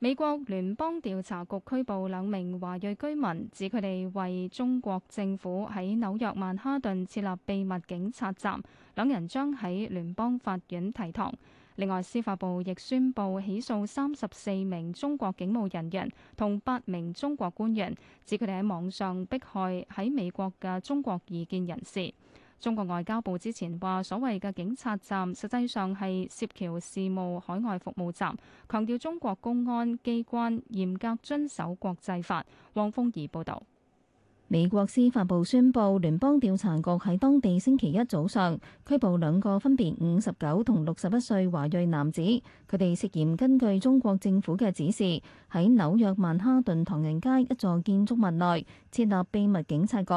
美國聯邦調查局拘捕兩名華裔居民，指佢哋為中國政府喺紐約曼哈頓設立秘密警察站。兩人將喺聯邦法院提堂。另外，司法部亦宣佈起訴三十四名中國警務人員同八名中國官員，指佢哋喺網上迫害喺美國嘅中國異見人士。中國外交部之前話，所謂嘅警察站實際上係涉僑事務海外服務站，強調中國公安機關嚴格遵守國際法。汪峰儀報導。美國司法部宣布，聯邦調查局喺當地星期一早上拘捕兩個分別五十九同六十一歲華裔男子，佢哋涉嫌根據中國政府嘅指示，喺紐約曼哈頓唐人街一座建築物內設立秘密警察局。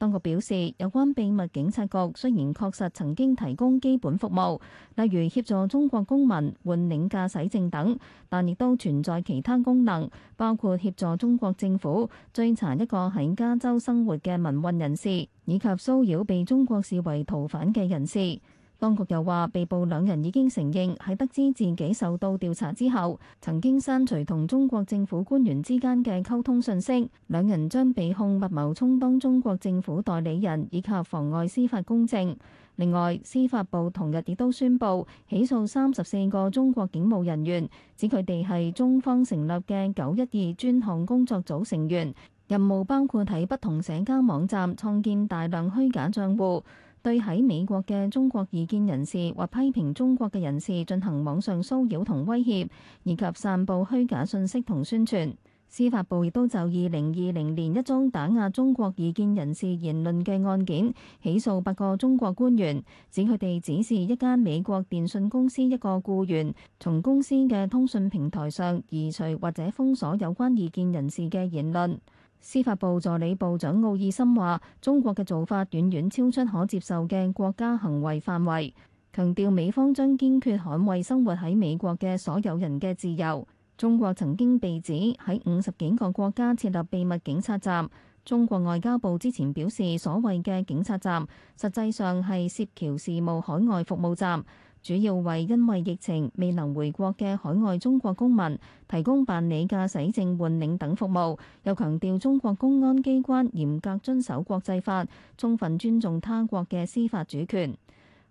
當局表示，有關秘密警察局雖然確實曾經提供基本服務，例如協助中國公民換領駕駛證等，但亦都存在其他功能，包括協助中國政府追查一個喺加州生活嘅民運人士，以及騷擾被中國視為逃犯嘅人士。當局又話，被捕兩人已經承認喺得知自己受到調查之後，曾經刪除同中國政府官員之間嘅溝通信息。兩人將被控密謀充當中國政府代理人以及妨礙司法公正。另外，司法部同日亦都宣布起訴三十四個中國警務人員，指佢哋係中方成立嘅九一二專項工作組成員，任務包括喺不同社交網站創建大量虛假賬戶。對喺美國嘅中國異見人士或批評中國嘅人士進行網上騷擾同威脅，以及散布虛假信息同宣傳。司法部亦都就二零二零年一宗打壓中國異見人士言論嘅案件，起訴八個中國官員，指佢哋指使一間美國電訊公司一個僱員，從公司嘅通訊平台上移除或者封鎖有關異見人士嘅言論。司法部助理部長奧爾森話，中國嘅做法遠遠超出可接受嘅國家行為範圍，強調美方將堅決捍衛生活喺美國嘅所有人嘅自由。中國曾經被指喺五十幾個國家設立秘密警察站，中國外交部之前表示，所謂嘅警察站實際上係涉僑事務海外服務站。主要為因為疫情未能回國嘅海外中國公民提供辦理駕駛證換領等服務，又強調中國公安機關嚴格遵守國際法，充分尊重他國嘅司法主權。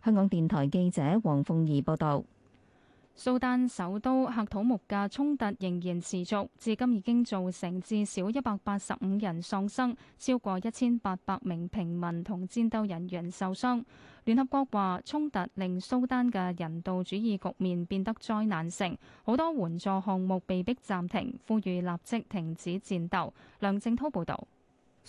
香港電台記者黃鳳儀報導。蘇丹首都喀土穆嘅衝突仍然持續，至今已經造成至少一百八十五人喪生，超過一千八百名平民同戰鬥人員受傷。聯合國話，衝突令蘇丹嘅人道主義局面變得災難性，好多援助項目被迫暫停，呼籲立即停止戰鬥。梁正滔報導。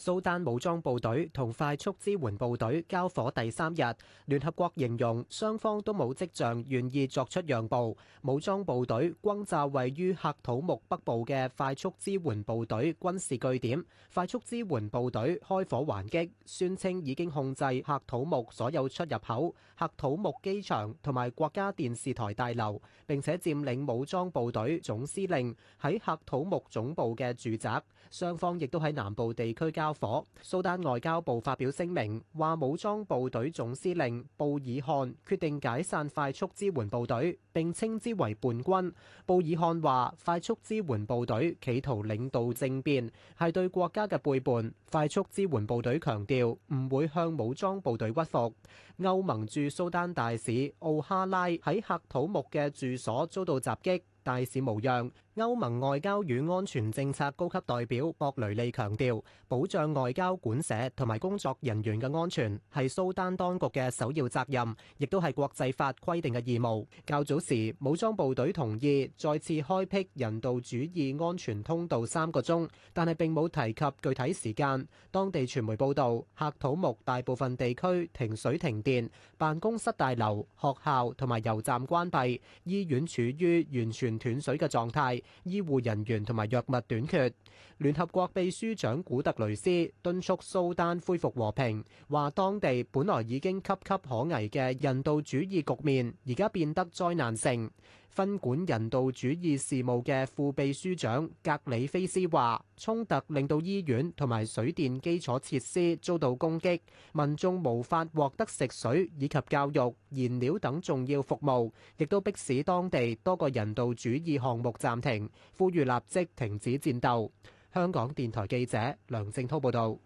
蘇丹武裝部隊同快速支援部隊交火第三日，聯合國形容雙方都冇跡象願意作出讓步。武裝部隊轟炸位於喀土木北部嘅快速支援部隊軍事據點，快速支援部隊開火還擊，宣稱已經控制喀土木所有出入口、喀土木機場同埋國家電視台大樓，並且佔領武裝部隊總司令喺喀土木總部嘅住宅。雙方亦都喺南部地區交火，蘇丹外交部發表聲明，話武裝部隊總司令布爾漢決定解散快速支援部隊，並稱之為叛軍。布爾漢話：快速支援部隊企圖領導政變，係對國家嘅背叛。快速支援部隊強調唔會向武裝部隊屈服。歐盟駐蘇丹大使奧哈拉喺喀土木嘅住所遭到襲擊，大使無恙。歐盟外交與安全政策高級代表博雷利強調，保障外交館舍同埋工作人員嘅安全係蘇丹當局嘅首要責任，亦都係國際法規定嘅義務。較早時，武裝部隊同意再次開闢人道主義安全通道三個鐘，但係並冇提及具體時間。當地傳媒報道，喀土木大部分地區停水停電，辦公室大樓、學校同埋油站關閉，醫院處於完全斷水嘅狀態。醫護人員同埋藥物短缺。聯合國秘書長古特雷斯敦促蘇丹恢復和平，話當地本來已經岌岌可危嘅人道主義局面，而家變得災難性。分管人道主義事務嘅副秘書長格里菲斯話，衝突令到醫院同埋水電基礎設施遭到攻擊，民眾無法獲得食水以及教育、燃料等重要服務，亦都迫使當地多個人道主義項目暫停，呼籲立即停止戰鬥。香港電台記者梁正滔報導。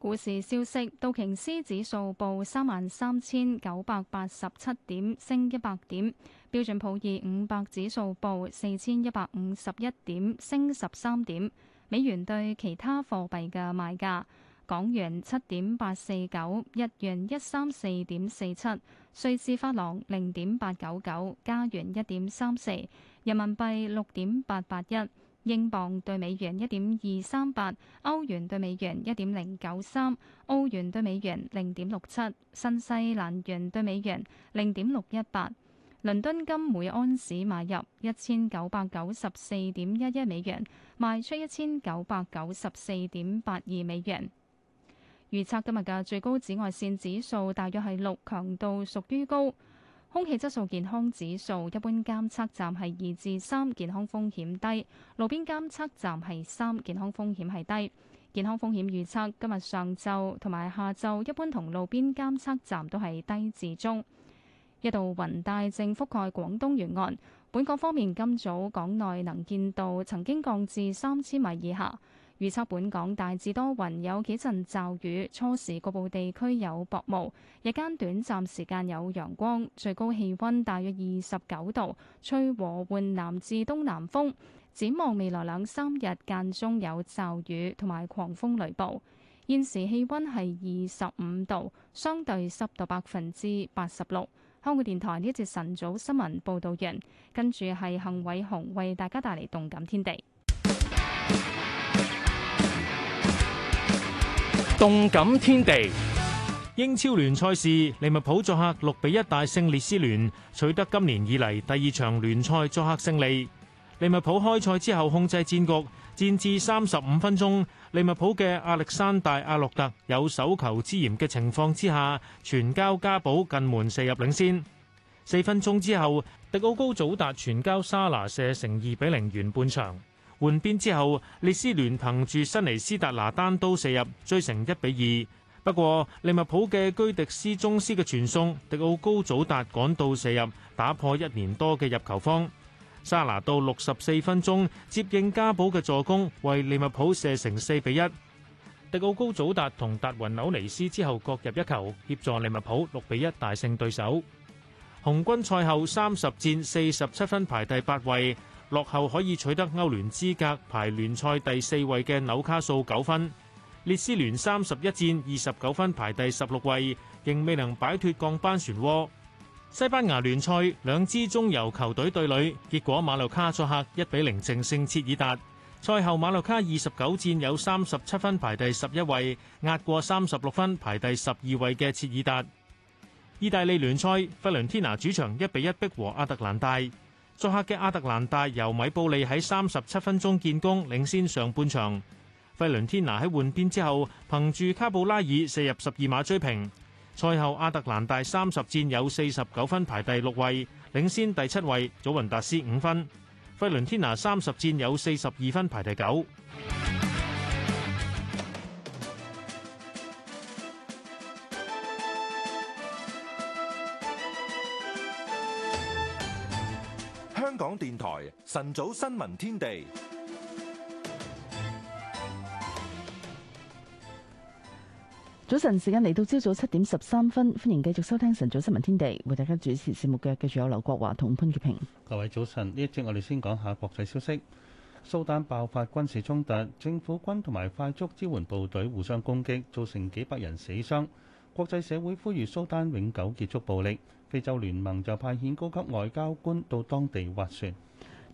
股市消息：道瓊斯指數報三萬三千九百八十七點，升一百點。標準普爾五百指數報四千一百五十一點，升十三點。美元對其他貨幣嘅賣價：港元七點八四九，日元一三四點四七，瑞士法郎零點八九九，加元一點三四，人民幣六點八八一，英鎊對美元一點二三八，歐元對美元一點零九三，澳元對美元零點六七，新西蘭元對美元零點六一八。倫敦金每安士買入一千九百九十四點一一美元，賣出一千九百九十四點八二美元。預測今日嘅最高紫外線指數大約係六，強度屬於高。空氣質素健康指數一般監測站係二至三，健康風險低；路邊監測站係三，健康風險係低。健康風險預測今日上晝同埋下晝一般同路邊監測站都係低至中。一道雲帶正覆蓋廣東沿岸。本港方面，今早港內能見度曾經降至三千米以下。預測本港大致多雲，有幾陣驟雨，初時局部地區有薄霧，日間短暫時間有陽光，最高氣温大約二十九度，吹和緩南至東南風。展望未來兩三日間中有驟雨同埋狂風雷暴。現時氣温係二十五度，相對濕度百分之八十六。香港電台呢一節晨早新聞報道完，跟住係幸偉雄為大家帶嚟動感天地。動感天地，英超聯賽事，利物浦作客六比一大勝列斯聯，取得今年以嚟第二場聯賽作客勝利。利物浦開賽之後控制戰局。戰至三十五分鐘，利物浦嘅亞歷山大阿諾特有手球之嫌嘅情況之下，傳交加保近門射入領先。四分鐘之後，迪奧高祖達傳交沙拿射成二比零完半場。換邊之後，列斯聯憑住辛尼斯達拿單刀射入追成一比二。不過利物浦嘅居迪斯宗斯嘅傳送，迪奧高祖達趕到射入，打破一年多嘅入球荒。沙拿到六十四分鐘接應加寶嘅助攻，為利物浦射成四比一。迪奧高祖達同達雲紐尼斯之後各入一球，協助利物浦六比一大勝對手。紅軍賽後三十戰四十七分排第八位，落後可以取得歐聯資格，排聯賽第四位嘅紐卡素九分。列斯聯三十一戰二十九分排第十六位，仍未能擺脫降班旋渦。西班牙聯賽兩支中游球隊對壘，結果馬洛卡作客一比零淨勝切爾達。賽後馬洛卡二十九戰有三十七分排第十一位，壓過三十六分排第十二位嘅切爾達。意大利聯賽費倫天拿主場一比一逼和阿特蘭大，作客嘅阿特蘭大由米布利喺三十七分鐘建功領先上半場，費倫天拿喺換邊之後憑住卡布拉爾射入十二碼追平。賽後，亞特蘭大三十戰有四十九分排第六位，領先第七位祖雲達斯五分。費倫天拿三十戰有四十二分排第九。 香港電台晨早新聞天地。早晨時間嚟到，朝早七點十三分，歡迎繼續收聽晨早新聞天地，為大家主持節目嘅繼續有劉國華同潘潔平。各位早晨，呢一節我哋先講下國際消息。蘇丹爆發軍事衝突，政府軍同埋快速支援部隊互相攻擊，造成幾百人死傷。國際社會呼籲蘇丹永久結束暴力。非洲聯盟就派遣高級外交官到當地斡旋。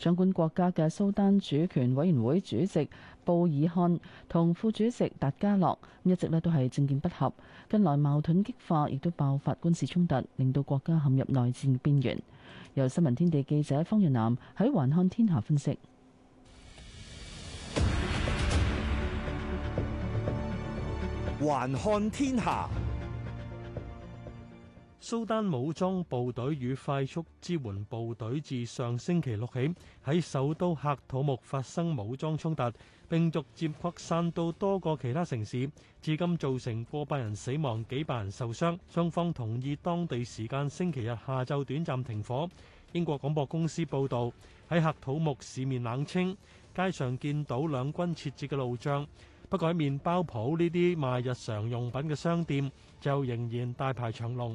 掌管國家嘅蘇丹主權委員會主席布爾漢同副主席達加諾，一直咧都係政見不合，近來矛盾激化，亦都爆發軍事衝突，令到國家陷入內戰邊緣。由新聞天地記者方日南喺《環看天下》分析，《環看天下》。蘇丹武裝部隊與快速支援部隊自上星期六起喺首都喀土木發生武裝衝突，並逐漸擴散到多個其他城市，至今造成過百人死亡、幾百人受傷。雙方同意當地時間星期日下晝短暫停火。英國廣播公司報導，喺喀土木市面冷清，街上見到兩軍設置嘅路障，不過喺麵包鋪呢啲賣日常用品嘅商店就仍然大排長龍。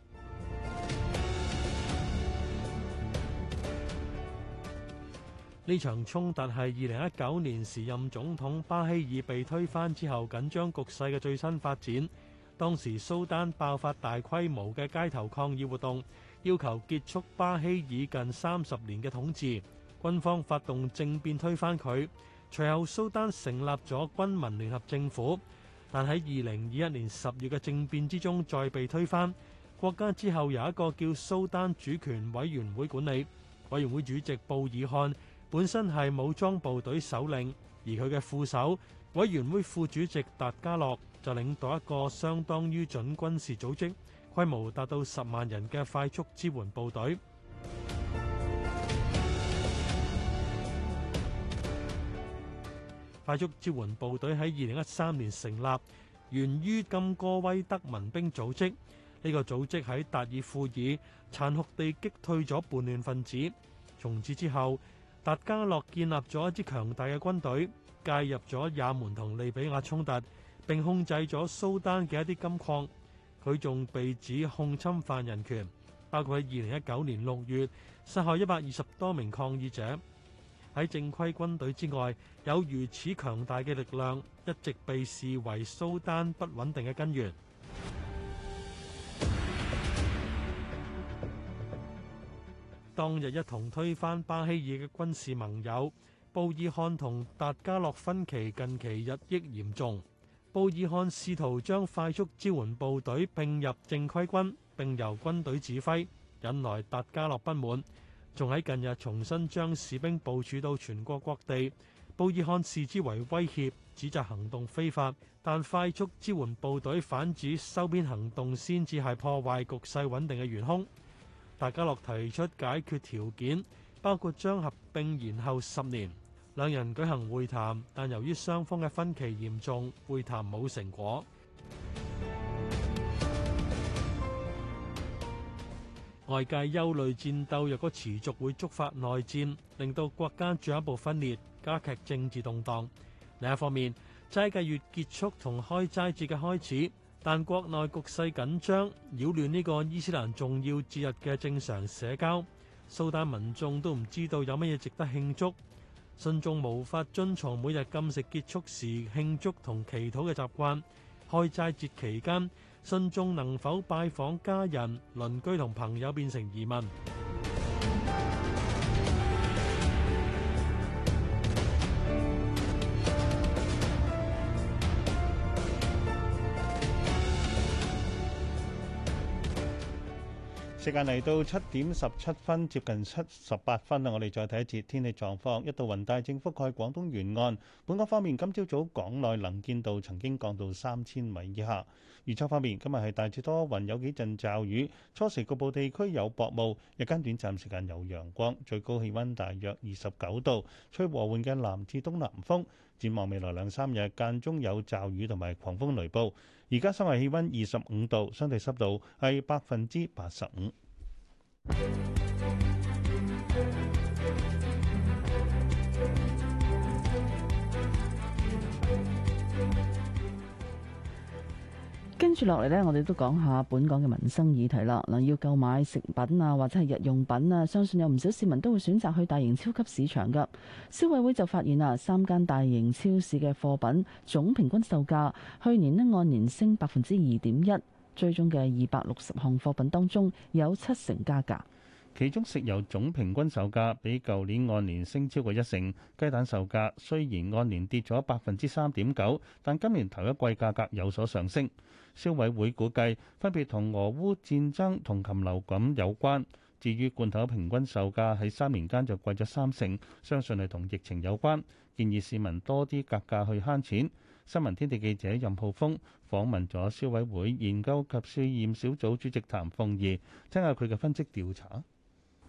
呢場衝突係2019年時任總統巴希爾被推翻之後緊張局勢嘅最新發展。當時蘇丹爆發大規模嘅街頭抗議活動，要求結束巴希爾近三十年嘅統治，軍方發動政變推翻佢。隨後蘇丹成立咗軍民聯合政府，但喺2021年十月嘅政變之中再被推翻，國家之後有一個叫蘇丹主權委員會管理，委員會主席布爾漢本身係武裝部隊首領，而佢嘅副手、委員會副主席達加洛就領導一個相當於準軍事組織，規模達到十萬人嘅快速支援部隊。快速支援部隊喺二零一三年成立，源於金戈威德民兵組織。呢個組織喺達爾富爾殘酷地擊退咗叛亂分子，從此之後，達加洛建立咗一支強大嘅軍隊，介入咗也門同利比亞衝突，並控制咗蘇丹嘅一啲金礦。佢仲被指控侵犯人權，包括喺二零一九年六月殺害一百二十多名抗議者。喺正規軍隊之外，有如此強大嘅力量，一直被視為蘇丹不穩定嘅根源。當日一同推翻巴希爾嘅軍事盟友，布爾漢同達加洛分歧近期日益嚴重。布爾漢試圖將快速支援部隊並入正規軍，並由軍隊指揮，引來達加洛不滿。仲喺近日重新將士兵部署到全國各地，布爾漢視之為威脅，指責行動非法。但快速支援部隊反指收編行動，先至係破壞局勢穩定嘅元凶。大家樂提出解決條件，包括將合併延後十年。兩人舉行會談，但由於雙方嘅分歧嚴重，會談冇成果。 外界憂慮戰鬥若果持續，會觸發內戰，令到國家進一步分裂，加劇政治動盪。另一方面，齋戒月結束同開齋節嘅開始。但國內局勢緊張，擾亂呢個伊斯蘭重要節日嘅正常社交。蘇丹民眾都唔知道有乜嘢值得慶祝。信眾無法遵從每日禁食結束時慶祝同祈禱嘅習慣。開齋節期間，信眾能否拜訪家人、鄰居同朋友變成疑問。時間嚟到七點十七分，接近七十八分啦。我哋再睇一次天氣狀況，一道雲帶正覆蓋廣東沿岸。本港方面，今朝早港內能見度曾經降到三千米以下。預測方面，今日係大致多雲，有幾陣驟雨，初時局部地區有薄霧，日間短暫時間有陽光，最高氣温大約二十九度，吹和緩嘅南至東南風。展望未來兩三日，間中有驟雨同埋狂風雷暴。而家室外氣温二十五度，相對濕度係百分之八十五。跟住落嚟呢我哋都講下本港嘅民生議題啦。嗱，要購買食品啊，或者係日用品啊，相信有唔少市民都會選擇去大型超級市場㗎。消委會就發現啦，三間大型超市嘅貨品總平均售價去年呢按年升百分之二點一，最終嘅二百六十項貨品當中有七成加價。其中食油總平均售價比舊年按年升超過一成，雞蛋售價雖然按年跌咗百分之三點九，但今年頭一季價格有所上升。消委會估計，分別同俄烏戰爭同禽流感有關，至於罐頭平均售價喺三年間就貴咗三成，相信係同疫情有關，建議市民多啲格價去慳錢。新聞天地記者任浩峰訪問咗消委會研究及試驗小組主席譚鳳儀，聽下佢嘅分析調查。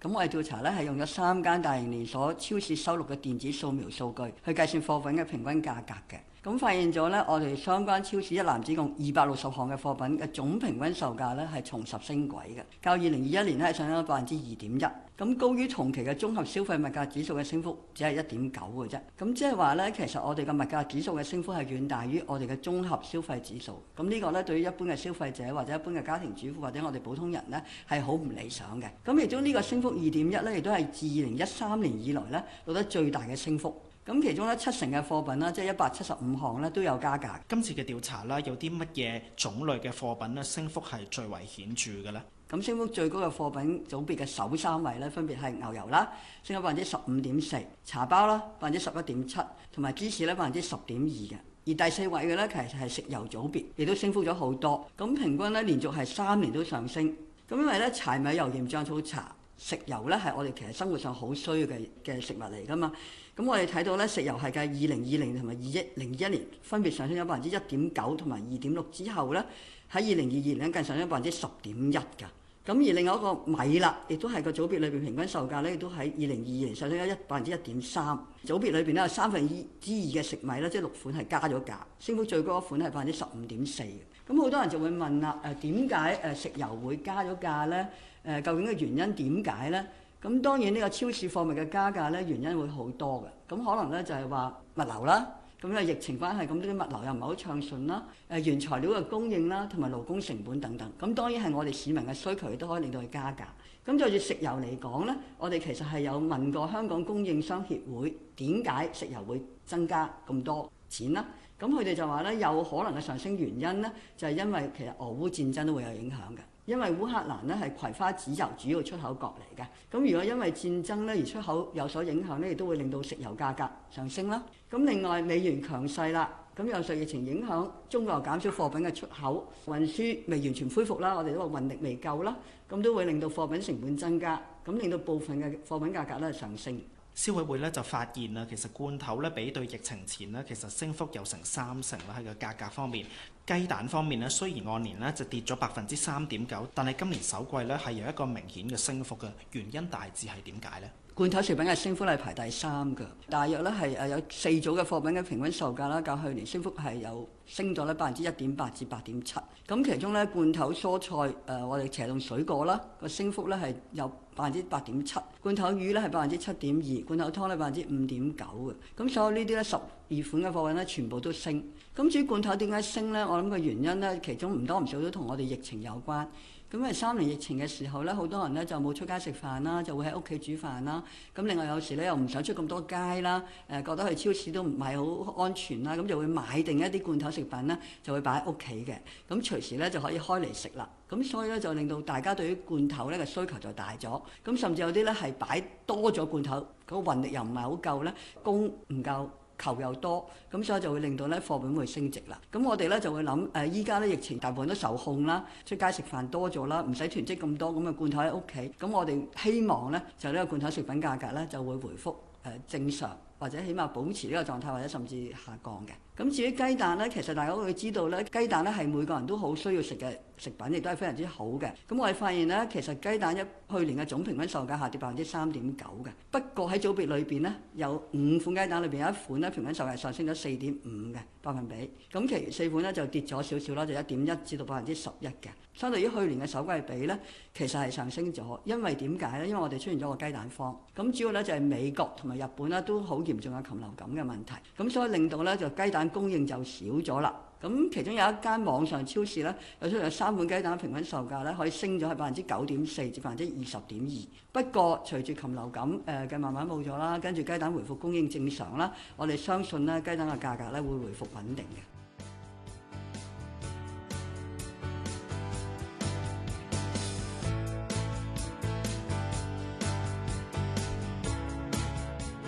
咁我哋調查咧係用咗三間大型連鎖超市收錄嘅電子掃描數據去計算貨品嘅平均價格嘅。咁發現咗咧，我哋相關超市一籃子共二百六十項嘅貨品嘅總平均售價咧，係重拾升軌嘅，較二零二一年咧係上升咗百分之二點一，咁高於同期嘅綜合消費物價指數嘅升幅只，只係一點九嘅啫。咁即係話咧，其實我哋嘅物價指數嘅升幅係遠大於我哋嘅綜合消費指數。咁、這、呢個咧，對於一般嘅消費者或者一般嘅家庭主婦或者我哋普通人咧，係好唔理想嘅。咁其中呢個升幅二點一咧，亦都係自二零一三年以來咧，錄得最大嘅升幅。咁其中咧七成嘅貨品啦，即係一百七十五項咧都有加價。今次嘅調查啦，有啲乜嘢種類嘅貨品咧升幅係最為顯著嘅咧？咁升幅最高嘅貨品組別嘅首三位咧，分別係牛油啦，升咗百分之十五點四；茶包啦，百分之十一點七；同埋芝士咧，百分之十點二嘅。而第四位嘅咧，其實係食油組別，亦都升幅咗好多。咁平均咧，連續係三年都上升。咁因為咧，柴米油鹽醬醋茶，食油咧係我哋其實生活上好需要嘅嘅食物嚟㗎嘛。咁我哋睇到咧，食油係計二零二零同埋二零二一年分別上升咗百分之一點九同埋二點六之後咧，喺二零二二年咧更上升百分之十點一㗎。咁而另外一個米啦，亦都係個組別裏邊平均售價咧，亦都喺二零二二年上升咗一百分之一點三。組別裏邊咧，有三分之二嘅食米咧，即係六款係加咗價，升幅最高一款係百分之十五點四。咁好多人就會問啦、啊，誒點解誒食油會加咗價咧？誒、呃、究竟嘅原因點解咧？咁當然呢個超市貨物嘅加價呢，原因會好多嘅。咁可能呢就係話物流啦，咁因為疫情關係，咁呢啲物流又唔係好暢順啦。誒原材料嘅供應啦，同埋勞工成本等等。咁當然係我哋市民嘅需求，亦都可以令到佢加價。咁就住食油嚟講呢，我哋其實係有問過香港供應商協會點解食油會增加咁多錢啦。咁佢哋就話呢，有可能嘅上升原因呢，就係因為其實俄烏戰爭都會有影響嘅。因為烏克蘭呢係葵花籽油主要出口國嚟嘅，咁如果因為戰爭呢而出口有所影響呢亦都會令到食油價格上升啦。咁另外美元強勢啦，咁又受疫情影響，中國又減少貨品嘅出口運輸，未完全恢復啦，我哋都話運力未夠啦，咁都會令到貨品成本增加，咁令到部分嘅貨品價格呢上升。消委會呢就發現啦，其實罐頭呢比對疫情前呢，其實升幅有成三成啦喺個價格方面。雞蛋方面咧，雖然按年咧就跌咗百分之三點九，但係今年首季咧係有一個明顯嘅升幅嘅，原因大致係點解呢？罐頭食品嘅升幅係排第三㗎，大約咧係誒有四組嘅貨品嘅平均售價啦，較去年升幅係有升咗咧百分之一點八至八點七。咁其中咧罐頭蔬菜誒、呃，我哋斜棟水果啦，個升幅咧係有百分之八點七；罐頭魚咧係百分之七點二；罐頭湯咧百分之五點九嘅。咁所有呢啲咧十二款嘅貨品咧，全部都升。咁煮罐頭點解升呢？我諗個原因呢，其中唔多唔少都同我哋疫情有關。咁因為，三年疫情嘅時候呢，好多人呢就冇出街食飯啦，就會喺屋企煮飯啦。咁另外有時呢又唔想出咁多街啦，誒覺得去超市都唔係好安全啦，咁就會買定一啲罐頭食品呢，就會擺喺屋企嘅。咁隨時呢就可以開嚟食啦。咁所以呢，就令到大家對於罐頭呢個需求就大咗。咁甚至有啲呢係擺多咗罐頭，個運力又唔係好夠呢，供唔夠。頭又多，咁所以就會令到咧貨品會升值啦。咁我哋咧就會諗，誒依家咧疫情大部分都受控啦，出街食飯多咗啦，唔使囤積咁多，咁嘅罐頭喺屋企。咁我哋希望咧就呢個罐頭食品價格咧就會回復誒正常，或者起碼保持呢個狀態，或者甚至下降嘅。咁至於雞蛋呢，其實大家會知道呢雞蛋呢係每個人都好需要食嘅食品，亦都係非常之好嘅。咁我哋發現呢，其實雞蛋一去年嘅總平均售價下跌百分之三點九嘅。不過喺組別裏邊呢，有五款雞蛋裏邊有一款呢，平均售價上升咗四點五嘅百分比。咁其餘四款呢，就跌咗少少啦，就一點一至到百分之十一嘅。相對於去年嘅首季比呢，其實係上升咗，因為點解呢？因為我哋出現咗個雞蛋荒。咁主要呢，就係美國同埋日本呢，都好嚴重嘅禽流感嘅問題。咁所以令到呢，就雞蛋。但供應就少咗啦，咁其中有一間網上超市咧，有出嚟，三款雞蛋平均售價咧，可以升咗係百分之九點四至百分之二十點二。不過隨住禽流感誒嘅慢慢冇咗啦，跟住雞蛋回復供應正常啦，我哋相信咧雞蛋嘅價格咧會回復穩定嘅。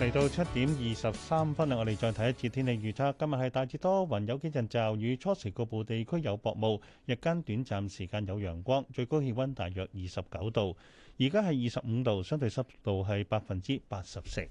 嚟到七點二十三分啦，我哋再睇一次天氣預測。今日係大致多雲，有幾陣驟雨，初時局部地區有薄霧，日間短暫時間有陽光，最高氣溫大約二十九度。而家係二十五度，相對濕度係百分之八十四。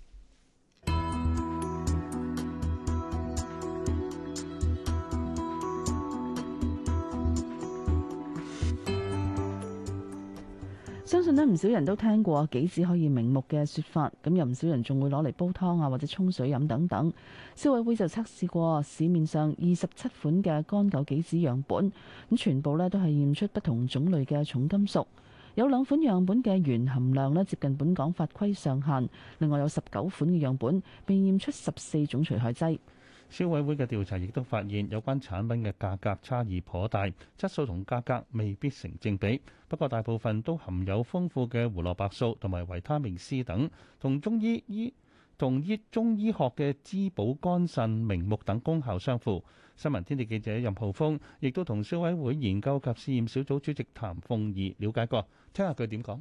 相信呢唔少人都聽過杞子可以明目嘅說法，咁又唔少人仲會攞嚟煲湯啊或者沖水飲等等。消委會就測試過市面上二十七款嘅乾枸杞子樣本，咁全部咧都係驗出不同種類嘅重金屬。有兩款樣本嘅鉛含量咧接近本港法規上限。另外有十九款嘅樣本，並驗出十四種除害劑。消委會嘅調查亦都發現有關產品嘅價格差異頗大，質素同價格未必成正比。不過大部分都含有豐富嘅胡蘿蔔素同埋維他命 C 等，同中醫醫同醫中醫學嘅滋補肝腎明目等功效相符。新聞天地記者任浩峰亦都同消委會研究及試驗小組主席譚鳳儀了解過，聽下佢點講。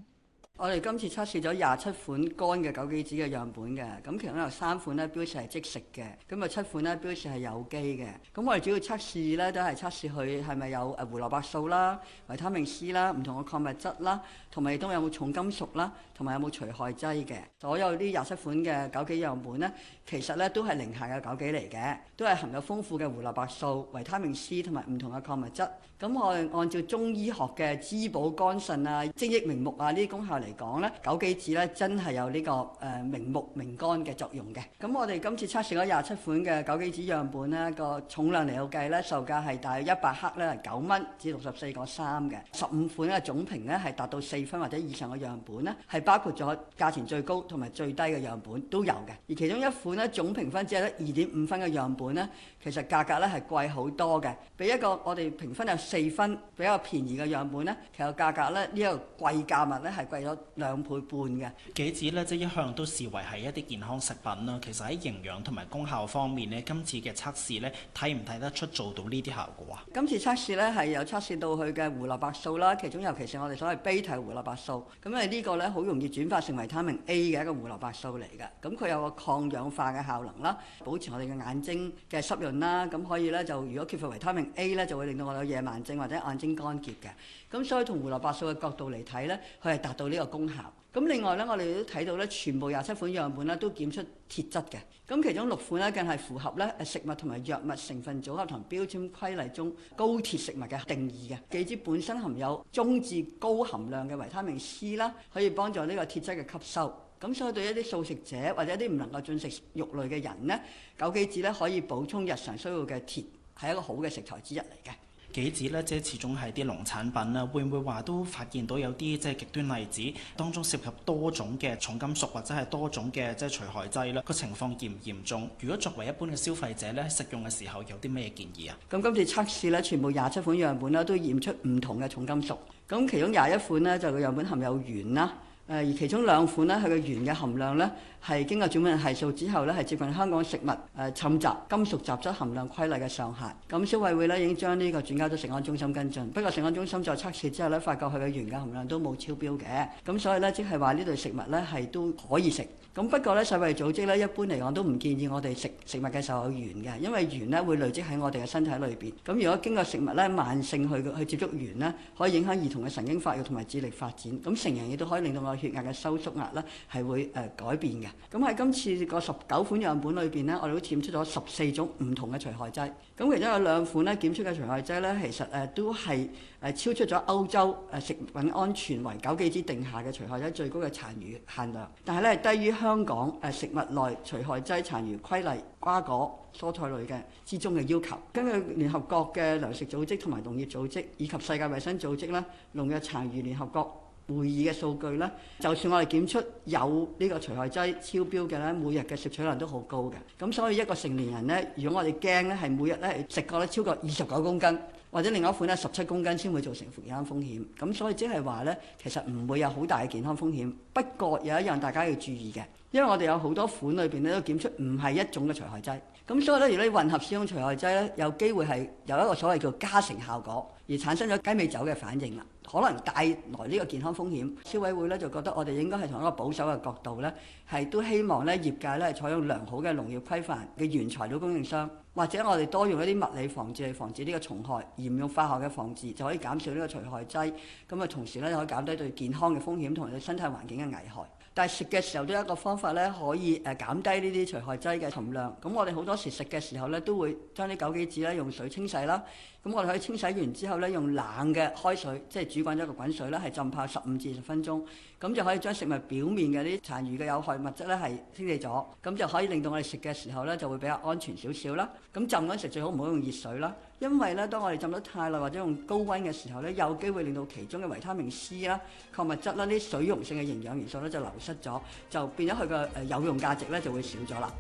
我哋今次測試咗廿七款乾嘅枸杞子嘅樣本嘅，咁其中有三款咧，標示係即食嘅，咁啊七款咧標示係有機嘅。咁我哋主要測試咧都係測試佢係咪有誒胡蘿蔔素啦、維他命 C 啦、唔同嘅礦物質啦，同埋亦都有冇重金屬啦。同埋有冇除害劑嘅？所有呢廿七款嘅枸杞樣本呢，其實呢都係寧夏嘅枸杞嚟嘅，都係含有豐富嘅胡蘿蔔素、維他命 C 同埋唔同嘅礦物質。咁我哋按照中醫學嘅滋補肝腎啊、精益明目啊呢啲功效嚟講呢，枸杞子呢真係有呢、這個誒、呃、明目明肝嘅作用嘅。咁我哋今次測試咗廿七款嘅枸杞子樣本呢，個重量嚟計呢，售價係大約一百克呢係九蚊至六十四個三嘅。十五款嘅總評呢，係達到四分或者以上嘅樣本咧係，包括咗價錢最高同埋最低嘅樣本都有嘅，而其中一款咧總評分只係咧二點五分嘅樣本咧。其實價格咧係貴好多嘅，比一個我哋評分有四分比較便宜嘅樣本咧，其實價格咧呢個貴價物咧係貴咗兩倍半嘅。杞子咧即一向都視為係一啲健康食品啦，其實喺營養同埋功效方面咧，今次嘅測試咧睇唔睇得出做到呢啲效果啊？今次測試咧係有測試到佢嘅胡蘿蔔素啦，其中尤其是我哋所謂 β 型胡蘿蔔素，咁因為呢個咧好容易轉化成為維他命 A 嘅一個胡蘿蔔素嚟嘅，咁佢有個抗氧化嘅效能啦，保持我哋嘅眼睛嘅濕潤。啦，咁可以咧就如果缺乏維他命 A 咧，就會令到我哋有夜盲症或者眼睛乾澀嘅。咁所以從胡蘿蔔素嘅角度嚟睇咧，佢係達到呢個功效。咁另外咧，我哋都睇到咧，全部廿七款樣本咧都檢出鐵質嘅。咁其中六款咧更係符合咧食物同埋藥物成分組合同標籤規例中高鐵食物嘅定義嘅。幾支本身含有中至高含量嘅維他命 C 啦，可以幫助呢個鐵質嘅吸收。咁所以對一啲素食者或者一啲唔能夠進食肉類嘅人呢，枸杞子呢可以補充日常需要嘅鐵，係一個好嘅食材之一嚟嘅。杞子呢，即係始終係啲農產品啦，會唔會話都發現到有啲即係極端例子，當中涉及多種嘅重金屬或者係多種嘅即係除害劑呢，個情況嚴唔嚴重？如果作為一般嘅消費者呢，食用嘅時候有啲咩建議啊？咁今次測試呢，全部廿七款樣本呢都驗出唔同嘅重金屬，咁其中廿一款呢，就個樣本含有鉛啦。誒，而其中兩款呢，佢嘅鉛嘅含量呢，係經過轉換係數之後呢，係接近香港食物誒、攙雜金屬雜質含量規例嘅上限。咁消委會呢，已經將呢個轉交到食安中心跟進。不過食安中心在測試之後呢，發覺佢嘅鉛嘅含量都冇超標嘅。咁所以呢，即係話呢，對食物呢，係都可以食。咁不過咧，世衛組織咧一般嚟講都唔建議我哋食食物嘅時候有鉛嘅，因為鉛咧會累積喺我哋嘅身體裏邊。咁如果經過食物咧慢性去去接觸鉛咧，可以影響兒童嘅神經發育同埋智力發展。咁成人亦都可以令到我哋血壓嘅收縮壓咧係會誒、呃、改變嘅。咁喺今次個十九款樣本裏邊咧，我哋都檢出咗十四種唔同嘅除害劑。咁其中有兩款咧檢出嘅除害劑咧，其實誒都係誒超出咗歐洲誒食品安全為枸杞子定下嘅除害劑最高嘅殘餘限量，但係咧低於香港誒食物內除害劑殘餘規例瓜果蔬菜類嘅之中嘅要求。根據聯合國嘅糧食組織同埋農業組織以及世界衛生組織啦，農藥殘餘聯合國會議嘅數據咧，就算我哋檢出有呢個除害劑超標嘅咧，每日嘅攝取量都好高嘅。咁所以一個成年人咧，如果我哋驚咧，係每日咧食過咧超過二十九公斤，或者另外一款咧十七公斤，先會造成健康風險。咁所以即係話咧，其實唔會有好大嘅健康風險。不過有一樣大家要注意嘅，因為我哋有好多款裏邊咧都檢出唔係一種嘅除害劑。咁所以咧，如果混合使用除害劑咧，有機會係有一個所謂叫加成效果，而產生咗雞尾酒嘅反應啦。可能帶來呢個健康風險，消委會咧就覺得我哋應該係從一個保守嘅角度咧，係都希望咧業界咧係採用良好嘅農業規範嘅原材料供應商，或者我哋多用一啲物理防治去防止呢個蟲害，而唔用化學嘅防治，就可以減少呢個除害劑，咁啊同時咧可以減低對健康嘅風險同埋對生態環境嘅危害。但係食嘅時候都有一個方法咧，可以誒減低呢啲除害劑嘅含量。咁我哋好多時食嘅時候咧，都會將啲枸杞子咧用水清洗啦。咁我哋可以清洗完之後咧，用冷嘅開水，即係煮滾咗嘅滾水啦，係浸泡十五至二十分鐘。咁就可以將食物表面嘅啲殘餘嘅有害物質咧係清理咗。咁就可以令到我哋食嘅時候咧就會比較安全少少啦。咁浸嗰陣時最好唔好用熱水啦。因為咧，當我哋浸得太耐或者用高溫嘅時候咧，有機會令到其中嘅維他命 C 啦、礦物質啦、啲水溶性嘅營養元素咧，就流失咗，就變咗佢嘅誒有用價值咧，就會少咗啦。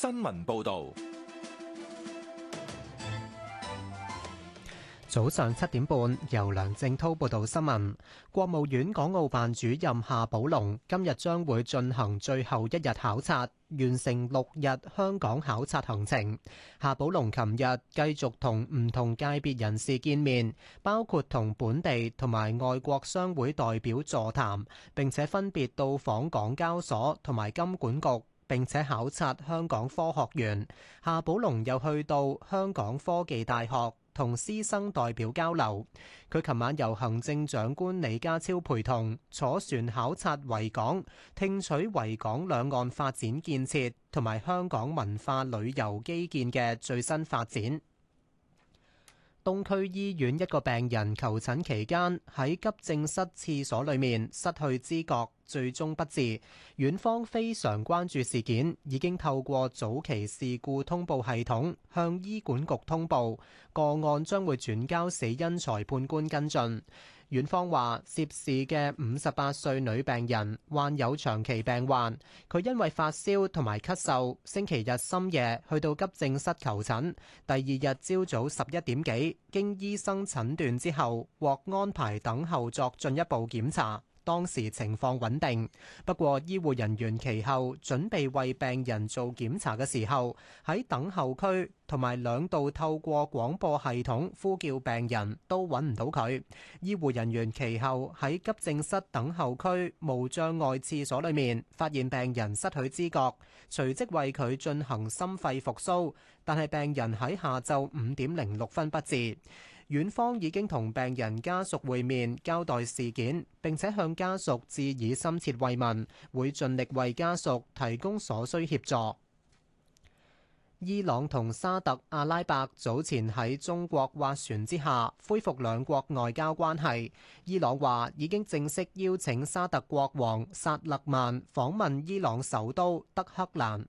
新聞報道。早上七點半，由梁正滔報道新聞。國務院港澳辦主任夏寶龍今日將會進行最後一日考察，完成六日香港考察行程。夏寶龍琴日繼續同唔同界別人士見面，包括同本地同埋外國商會代表座談，並且分別到訪港交所同埋金管局。並且考察香港科學園，夏寶龍又去到香港科技大學同師生代表交流。佢琴晚由行政長官李家超陪同坐船考察維港，聽取維港兩岸發展建設同埋香港文化旅遊基建嘅最新發展。東區醫院一個病人求診期間，喺急症室廁所裏面失去知覺，最終不治。院方非常關注事件，已經透過早期事故通報系統向醫管局通報，個案將會轉交死因裁判官跟進。院方話，涉事嘅五十八歲女病人患有長期病患，佢因為發燒同埋咳嗽，星期日深夜去到急症室求診，第二日朝早十一點幾，經醫生診斷之後，獲安排等候作進一步檢查。當時情況穩定，不過醫護人員其後準備為病人做檢查嘅時候，喺等候區同埋兩度透過廣播系統呼叫病人，都揾唔到佢。醫護人員其後喺急症室等候區無障礙廁所裏面發現病人失去知覺，隨即為佢進行心肺復甦，但係病人喺下晝五點零六分不治。院方已經同病人家屬會面，交代事件，並且向家屬致以深切慰問，會盡力為家屬提供所需協助。伊朗同沙特阿拉伯早前喺中國斡旋之下，恢復兩國外交關係。伊朗話已經正式邀請沙特國王薩勒曼訪問伊朗首都德黑蘭。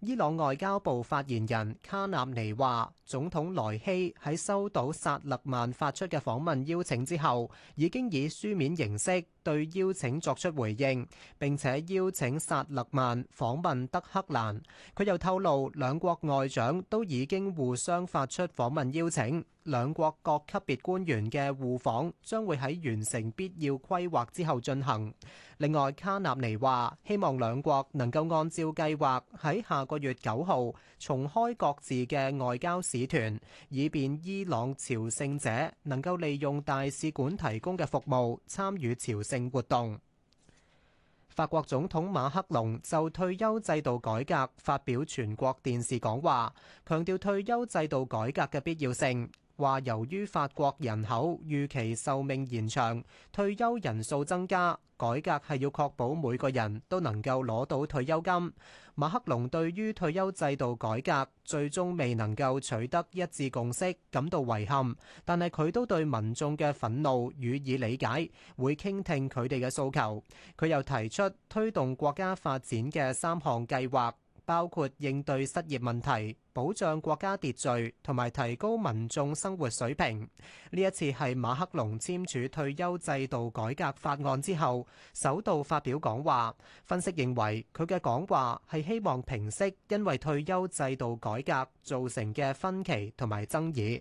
伊朗外交部發言人卡納尼話總統萊希喺收到薩勒曼發出嘅訪問邀請之後，已經以書面形式。對邀請作出回應，並且邀請薩勒曼訪問德黑蘭。佢又透露兩國外長都已經互相發出訪問邀請，兩國各級別官員嘅互訪將會喺完成必要規劃之後進行。另外卡納尼話：希望兩國能夠按照計劃喺下個月九號重開各自嘅外交使團，以便伊朗朝聖者能夠利用大使館提供嘅服務參與朝聖。活動，法國總統馬克龍就退休制度改革發表全國電視講話，強調退休制度改革嘅必要性。話由於法國人口預期壽命延長、退休人數增加，改革係要確保每個人都能夠攞到退休金。馬克龍對於退休制度改革最終未能夠取得一致共識感到遺憾，但係佢都對民眾嘅憤怒予以理解，會傾聽佢哋嘅訴求。佢又提出推動國家發展嘅三項計劃。包括應對失業問題，保障國家秩序，同埋提高民眾生活水平。呢一次係馬克龍簽署退休制度改革法案之後首度發表講話，分析認為，佢嘅講話，係希望平息因為退休制度改革造成嘅分歧同埋爭議。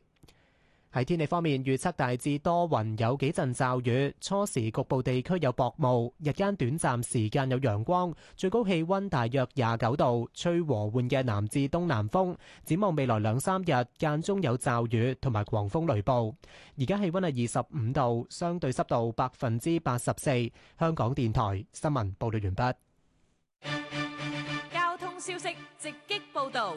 喺天氣方面，預測大致多雲，有幾陣驟雨，初時局部地區有薄霧，日間短暫時間有陽光，最高氣溫大約廿九度，吹和緩嘅南至東南風。展望未來兩三日，間中有驟雨同埋狂風雷暴。而家氣溫係二十五度，相對濕度百分之八十四。香港電台新聞報道完畢。交通消息直擊報道。.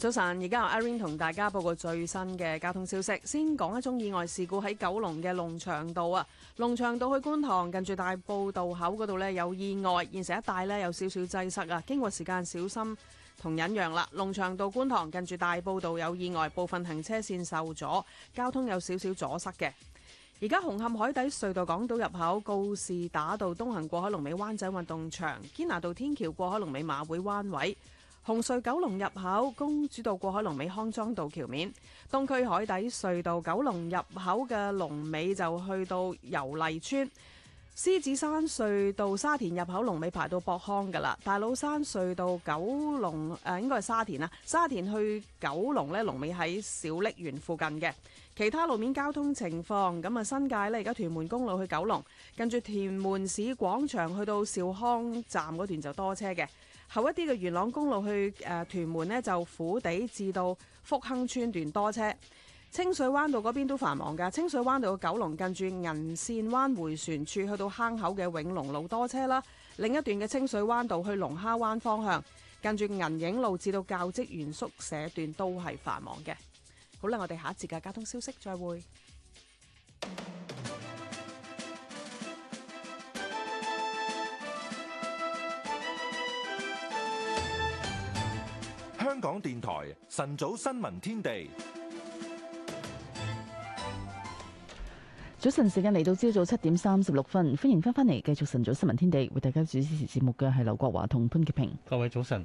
早晨，而家由 Irene 同大家報告最新嘅交通消息。先講一宗意外事故喺九龍嘅龍翔道啊，龍翔道去觀塘，近住大埔道口嗰度呢，有意外，現時一帶呢，有少少擠塞啊。經過時間小心同忍讓啦。龍翔道觀塘近住大埔道有意外，部分行車線受阻，交通有少少阻塞嘅。而家紅磡海底隧道港島入口，告士打道東行過海龍尾灣仔運動場，堅拿道天橋過海龍尾馬會灣位。紅隧九龍入口、公主道過海、龍尾康莊道橋面、東區海底隧道九龍入口嘅龍尾就去到油麗邨；獅子山隧道沙田入口龍尾排到博康噶啦；大老山隧道九龍誒、啊，應該係沙田啊，沙田去九龍咧，龍尾喺小瀝源附近嘅。其他路面交通情況咁啊，新界呢？而家屯門公路去九龍，近住屯門市廣場去到兆康站嗰段就多車嘅。後一啲嘅元朗公路去誒屯門呢，就虎地至到福亨村段多車，清水灣道嗰邊都繁忙噶。清水灣道嘅九龍近住銀線灣迴旋處去到坑口嘅永隆路多車啦。另一段嘅清水灣道去龍蝦灣方向，近住銀影路至到教職員宿舍段都係繁忙嘅。好啦，我哋下一節嘅交通消息再會。香港電台晨早新聞天地，早晨時間嚟到，朝早七點三十六分，歡迎翻返嚟，繼續晨早新聞天地，為大家主持節目嘅係劉國華同潘潔平。各位早晨。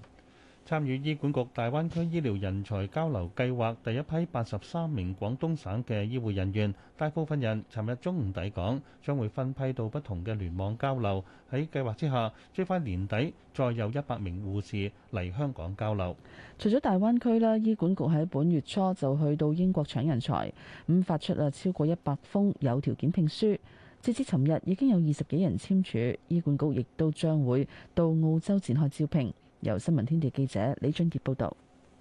參與醫管局大灣區醫療人才交流計劃第一批八十三名廣東省嘅醫護人員，大部分人尋日中午抵港，將會分批到不同嘅聯網交流。喺計劃之下，最快年底再有一百名護士嚟香港交流。除咗大灣區啦，醫管局喺本月初就去到英國搶人才，咁發出啊超過一百封有條件聘書。截至尋日已經有二十幾人簽署，醫管局亦都將會到澳洲展開招聘。由新聞天地記者李俊傑報道。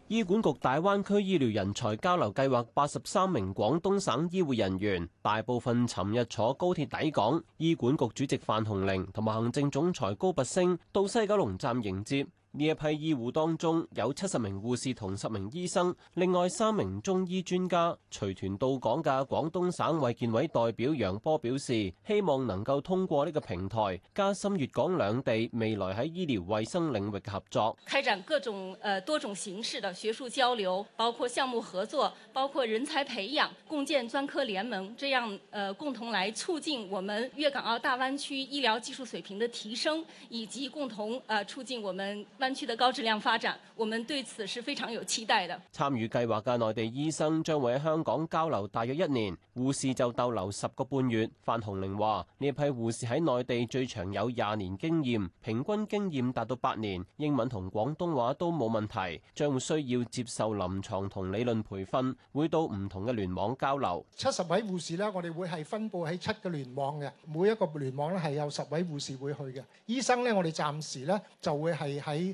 醫管局大灣區醫療人才交流計劃八十三名廣東省醫護人員，大部分尋日坐高鐵抵港，醫管局主席范鴻齡同埋行政總裁高拔升到西九龍站迎接。呢一批醫護當中有七十名護士同十名醫生，另外三名中醫專家。隨團到港嘅廣東省衛健委代表楊波表示，希望能夠通過呢個平台加深粵港兩地未來喺醫療衛生領域嘅合作。開展各種呃多種形式的學術交流，包括項目合作，包括人才培養，共建專科聯盟，這樣呃共同來促進我們粵港澳大灣區醫療技術水平的提升，以及共同呃促進我們。參與計劃嘅內地醫生將會喺香港交流大約一年，護士就逗留十個半月。范紅玲話：呢批護士喺內地最長有廿年經驗，平均經驗達到八年，英文同廣東話都冇問題。將會需要接受臨牀同理論培訓，會到唔同嘅聯網交流。七十位護士呢，我哋會係分佈喺七個聯網嘅，每一個聯網呢，係有十位護士會去嘅。醫生呢，我哋暫時呢，就會係喺。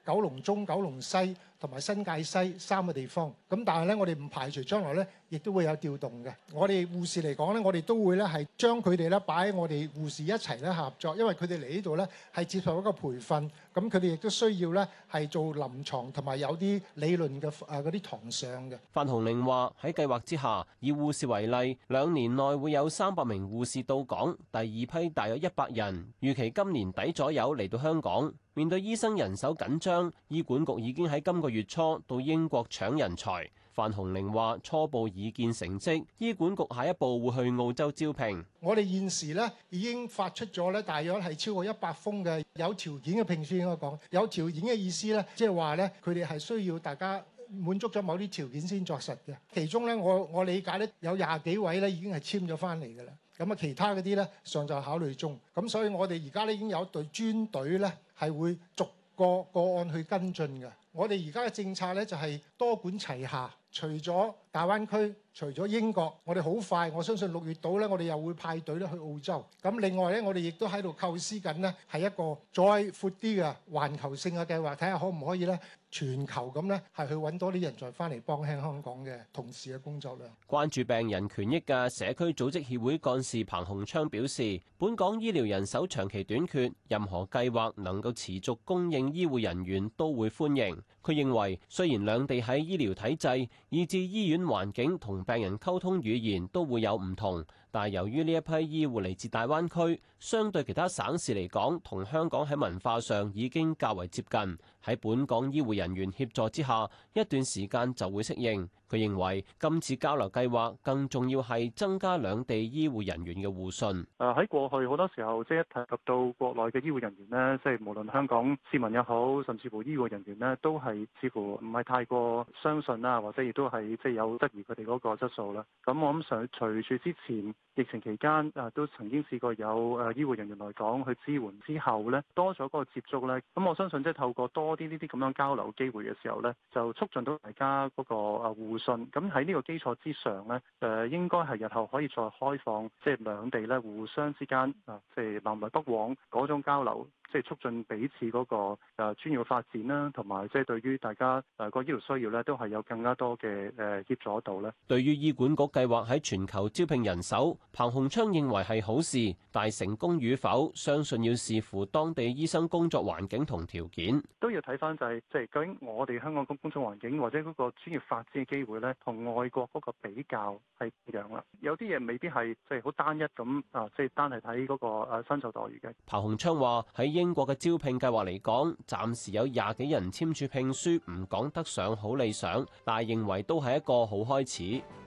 九龍中、九龍西同埋新界西三個地方，咁但係咧，我哋唔排除將來咧，亦都會有調動嘅。我哋護士嚟講咧，我哋都會咧係將佢哋咧擺喺我哋護士一齊咧合作，因為佢哋嚟呢度咧係接受一個培訓，咁佢哋亦都需要咧係做臨床同埋有啲理論嘅誒嗰啲堂上嘅。范鴻齡話：喺計劃之下，以護士為例，兩年內會有三百名護士到港，第二批大約一百人，預期今年底左右嚟到香港。面對醫生人手緊張。醫管局已經喺今個月初到英國搶人才。范鴻齡話初步已見成績，醫管局下一步會去澳洲招聘。 我哋現時咧已經發出咗咧，大約係超過一百封嘅有條件嘅聘書。應該講，有條件嘅意思咧，即係話咧，佢哋係需要大家滿足咗某啲條件先作實嘅。其中咧，我我理解咧，有廿幾位咧已經係簽咗翻嚟噶啦。咁啊，其他嗰啲咧尚在考慮中。咁所以我哋而家咧已經有一隊專隊咧係會逐個個案去跟進嘅，我哋而家嘅政策呢，就係多管齊下，除咗大灣區，除咗英國，我哋好快，我相信六月到呢，我哋又會派隊咧去澳洲。咁另外呢，我哋亦都喺度構思緊呢，係一個再闊啲嘅環球性嘅計劃，睇下可唔可以呢？全球咁呢，係去揾多啲人才翻嚟幫輕香港嘅同事嘅工作量。關注病人權益嘅社區組織協會幹事彭洪昌表示，本港醫療人手長期短缺，任何計劃能夠持續供應醫護人員都會歡迎。佢認為，雖然兩地喺醫療體制、以至醫院環境同病人溝通語言都會有唔同，但係由於呢一批醫護嚟自大灣區。相對其他省市嚟講，同香港喺文化上已經較為接近。喺本港醫護人員協助之下，一段時間就會適應，佢認為今次交流計劃更重要係增加兩地醫護人員嘅互信。誒，喺過去好多時候，即係一提及到國內嘅醫護人員咧，即係無論香港市民又好，甚至乎醫護人員咧，都係似乎唔係太過相信啊，或者亦都係即係有質疑佢哋嗰個質素啦。咁我諗上隨住之前，疫情期間啊都曾經試過有誒醫護人員來講，去支援之後咧，多咗嗰個接觸呢，咁我相信即係透過多啲呢啲咁樣交流機會嘅時候呢，就促進到大家嗰個啊互信，咁喺呢個基礎之上呢誒，應該係日後可以再開放，即係兩地咧互相之間啊，即係南來北往嗰種交流。即係促進彼此嗰個誒專業發展啦，同埋即係對於大家誒個醫療需要咧，都係有更加多嘅誒協助度咧。對於醫管局計劃喺全球招聘人手，彭洪昌認為係好事，但係成功與否，相信要視乎當地醫生工作環境同條件。都要睇翻就係即係究竟我哋香港工工作環境或者嗰個專業發展嘅機會咧，同外國嗰個比較係點樣啦。有啲嘢未必係即係好單一咁啊，即係單係睇嗰個誒薪酬待遇嘅。彭洪昌話喺英國嘅招聘計劃嚟講，暫時有廿幾人簽署聘書，唔講得上好理想，但係認為都係一個好開始。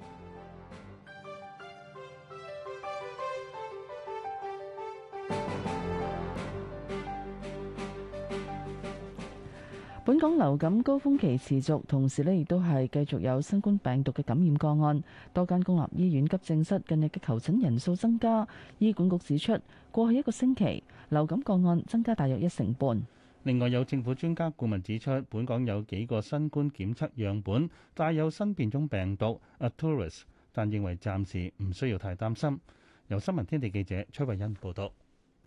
本港流感高峰期持續，同時呢亦都係繼續有新冠病毒嘅感染個案。多間公立醫院急症室近日嘅求診人數增加。醫管局指出，過去一個星期流感個案增加大約一成半。另外有政府專家顧問指出，本港有幾個新冠檢測樣本帶有新變種病毒 A. Torres，但認為暫時唔需要太擔心。由新聞天地記者崔慧欣報道。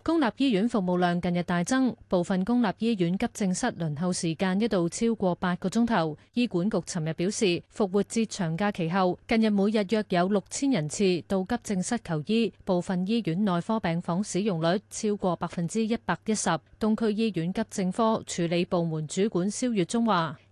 公立醫院服務量近日大增，部分公立醫院急症室輪候時間一度超過八個鐘頭。醫管局尋日表示，復活節長假期後，近日每日約有六千人次到急症室求醫，部分醫院內科病房使用率超過百分之一百一十。東區醫院急症科處理部門主管蕭月中話。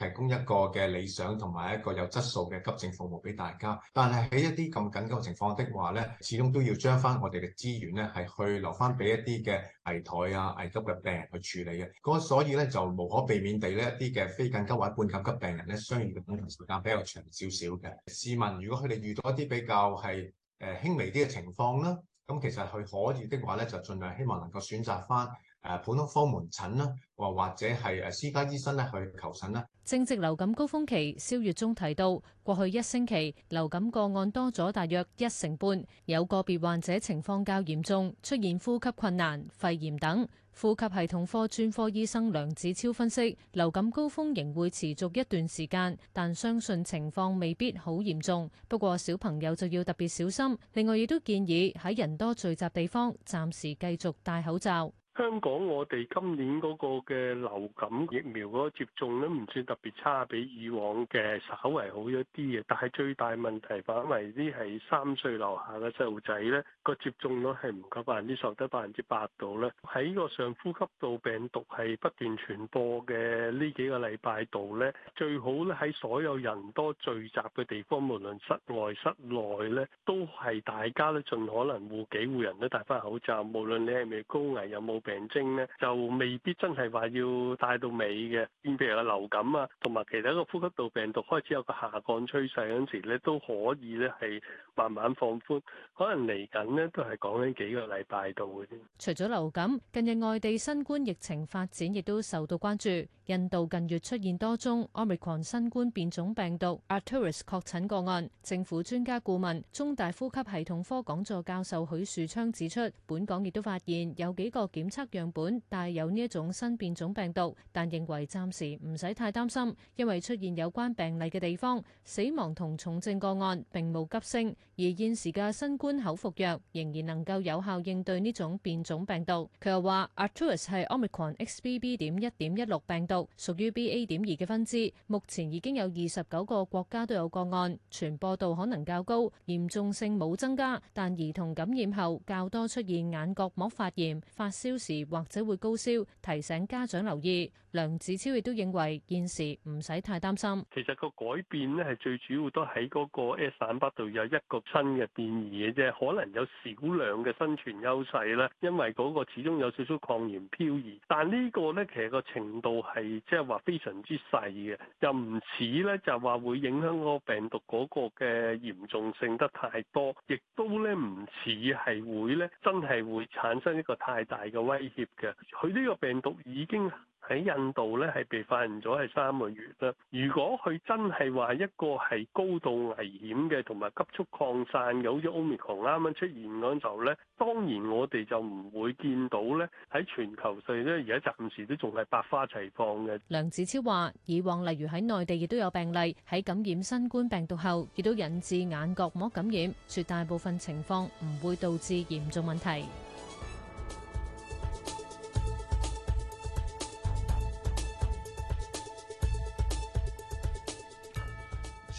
提供一個嘅理想同埋一個有質素嘅急症服務俾大家，但係喺一啲咁緊急嘅情況的話咧，始終都要將翻我哋嘅資源咧係去留翻俾一啲嘅危殆啊危急嘅病人去處理嘅。所以咧就無可避免地呢一啲嘅非緊急或者半緊急病人咧，需要嘅等候時間比較長少少嘅。市民如果佢哋遇到一啲比較係誒輕微啲嘅情況啦，咁其實佢可以的話咧，就盡量希望能夠選擇翻。誒，普通科門診啦，或或者係誒私家醫生咧去求診啦。正值流感高峰期，蕭粵中提到，過去一星期流感個案多咗大約一成半，有個別患者情況較嚴重，出現呼吸困難、肺炎等。呼吸系統科專科醫生梁子超分析，流感高峰仍會持續一段時間，但相信情況未必好嚴重。不過小朋友就要特別小心。另外，亦都建議喺人多聚集地方暫時繼續戴口罩。香港我哋今年嗰個嘅流感疫苗嗰接種咧，唔算特別差，比以往嘅稍為好一啲嘅。但係最大問題，反而啲係三歲樓下嘅細路仔咧，個接種率係唔夠百分之十，得百分之八度咧。喺個上呼吸道病毒係不斷傳播嘅呢幾個禮拜度咧，最好咧喺所有人多聚集嘅地方，無論室外室內咧，都係大家咧盡可能戶幾戶人都戴翻口罩，無論你係咪高危有冇。病症呢，就未必真係話要帶到尾嘅，變譬如啊流感啊，同埋其他個呼吸道病毒開始有個下降趨勢嗰陣時咧，都可以咧係慢慢放寬，可能嚟緊呢都係講緊幾個禮拜度嘅啫。除咗流感，近日外地新冠疫情發展亦都受到關注。印度近月出現多宗 Omicron 新冠變種病毒，Arcturus 確診個案。政府專家顧問、中大呼吸系統科講座教授許樹昌指出，本港亦都發現有幾個檢測樣本帶有呢一種新變種病毒，但認為暫時唔使太擔心，因為出現有關病例嘅地方，死亡同重症個案並冇急升，而現時嘅新冠口服藥仍然能夠有效應對呢種變種病毒。佢又話，Arcturus 係 Omicron XBB.1.16 病毒，屬於 BA.2 嘅分支，目前已經有二十九個國家都有個案，傳播度可能較高，嚴重性冇增加，但兒童感染後較多出現眼角膜發炎、發燒時或者會高燒，提醒家長留意。梁子超亦都認為現時唔使太擔心。其實個改變咧係最主要都喺嗰個 S 蛋白度有一個新嘅變異嘅啫，可能有少量嘅生存優勢啦，因為嗰個始終有少少抗原漂移。但呢個咧其實個程度係即係話非常之細嘅，又唔似咧就話會影響嗰個病毒嗰個嘅嚴重性得太多，亦都咧唔似係會咧真係會產生一個太大嘅威脅嘅。佢呢個病毒已經。喺印度咧，係被發現咗係三個月啦。如果佢真係話一個係高度危險嘅，同埋急速擴散有咗 Omicron 啱啱出現嗰陣時候咧，當然我哋就唔會見到咧喺全球上咧，而家暫時都仲係百花齊放嘅。梁子超話：以往例如喺內地亦都有病例喺感染新冠病毒後，亦都引致眼角膜感染，絕大部分情況唔會導致嚴重問題。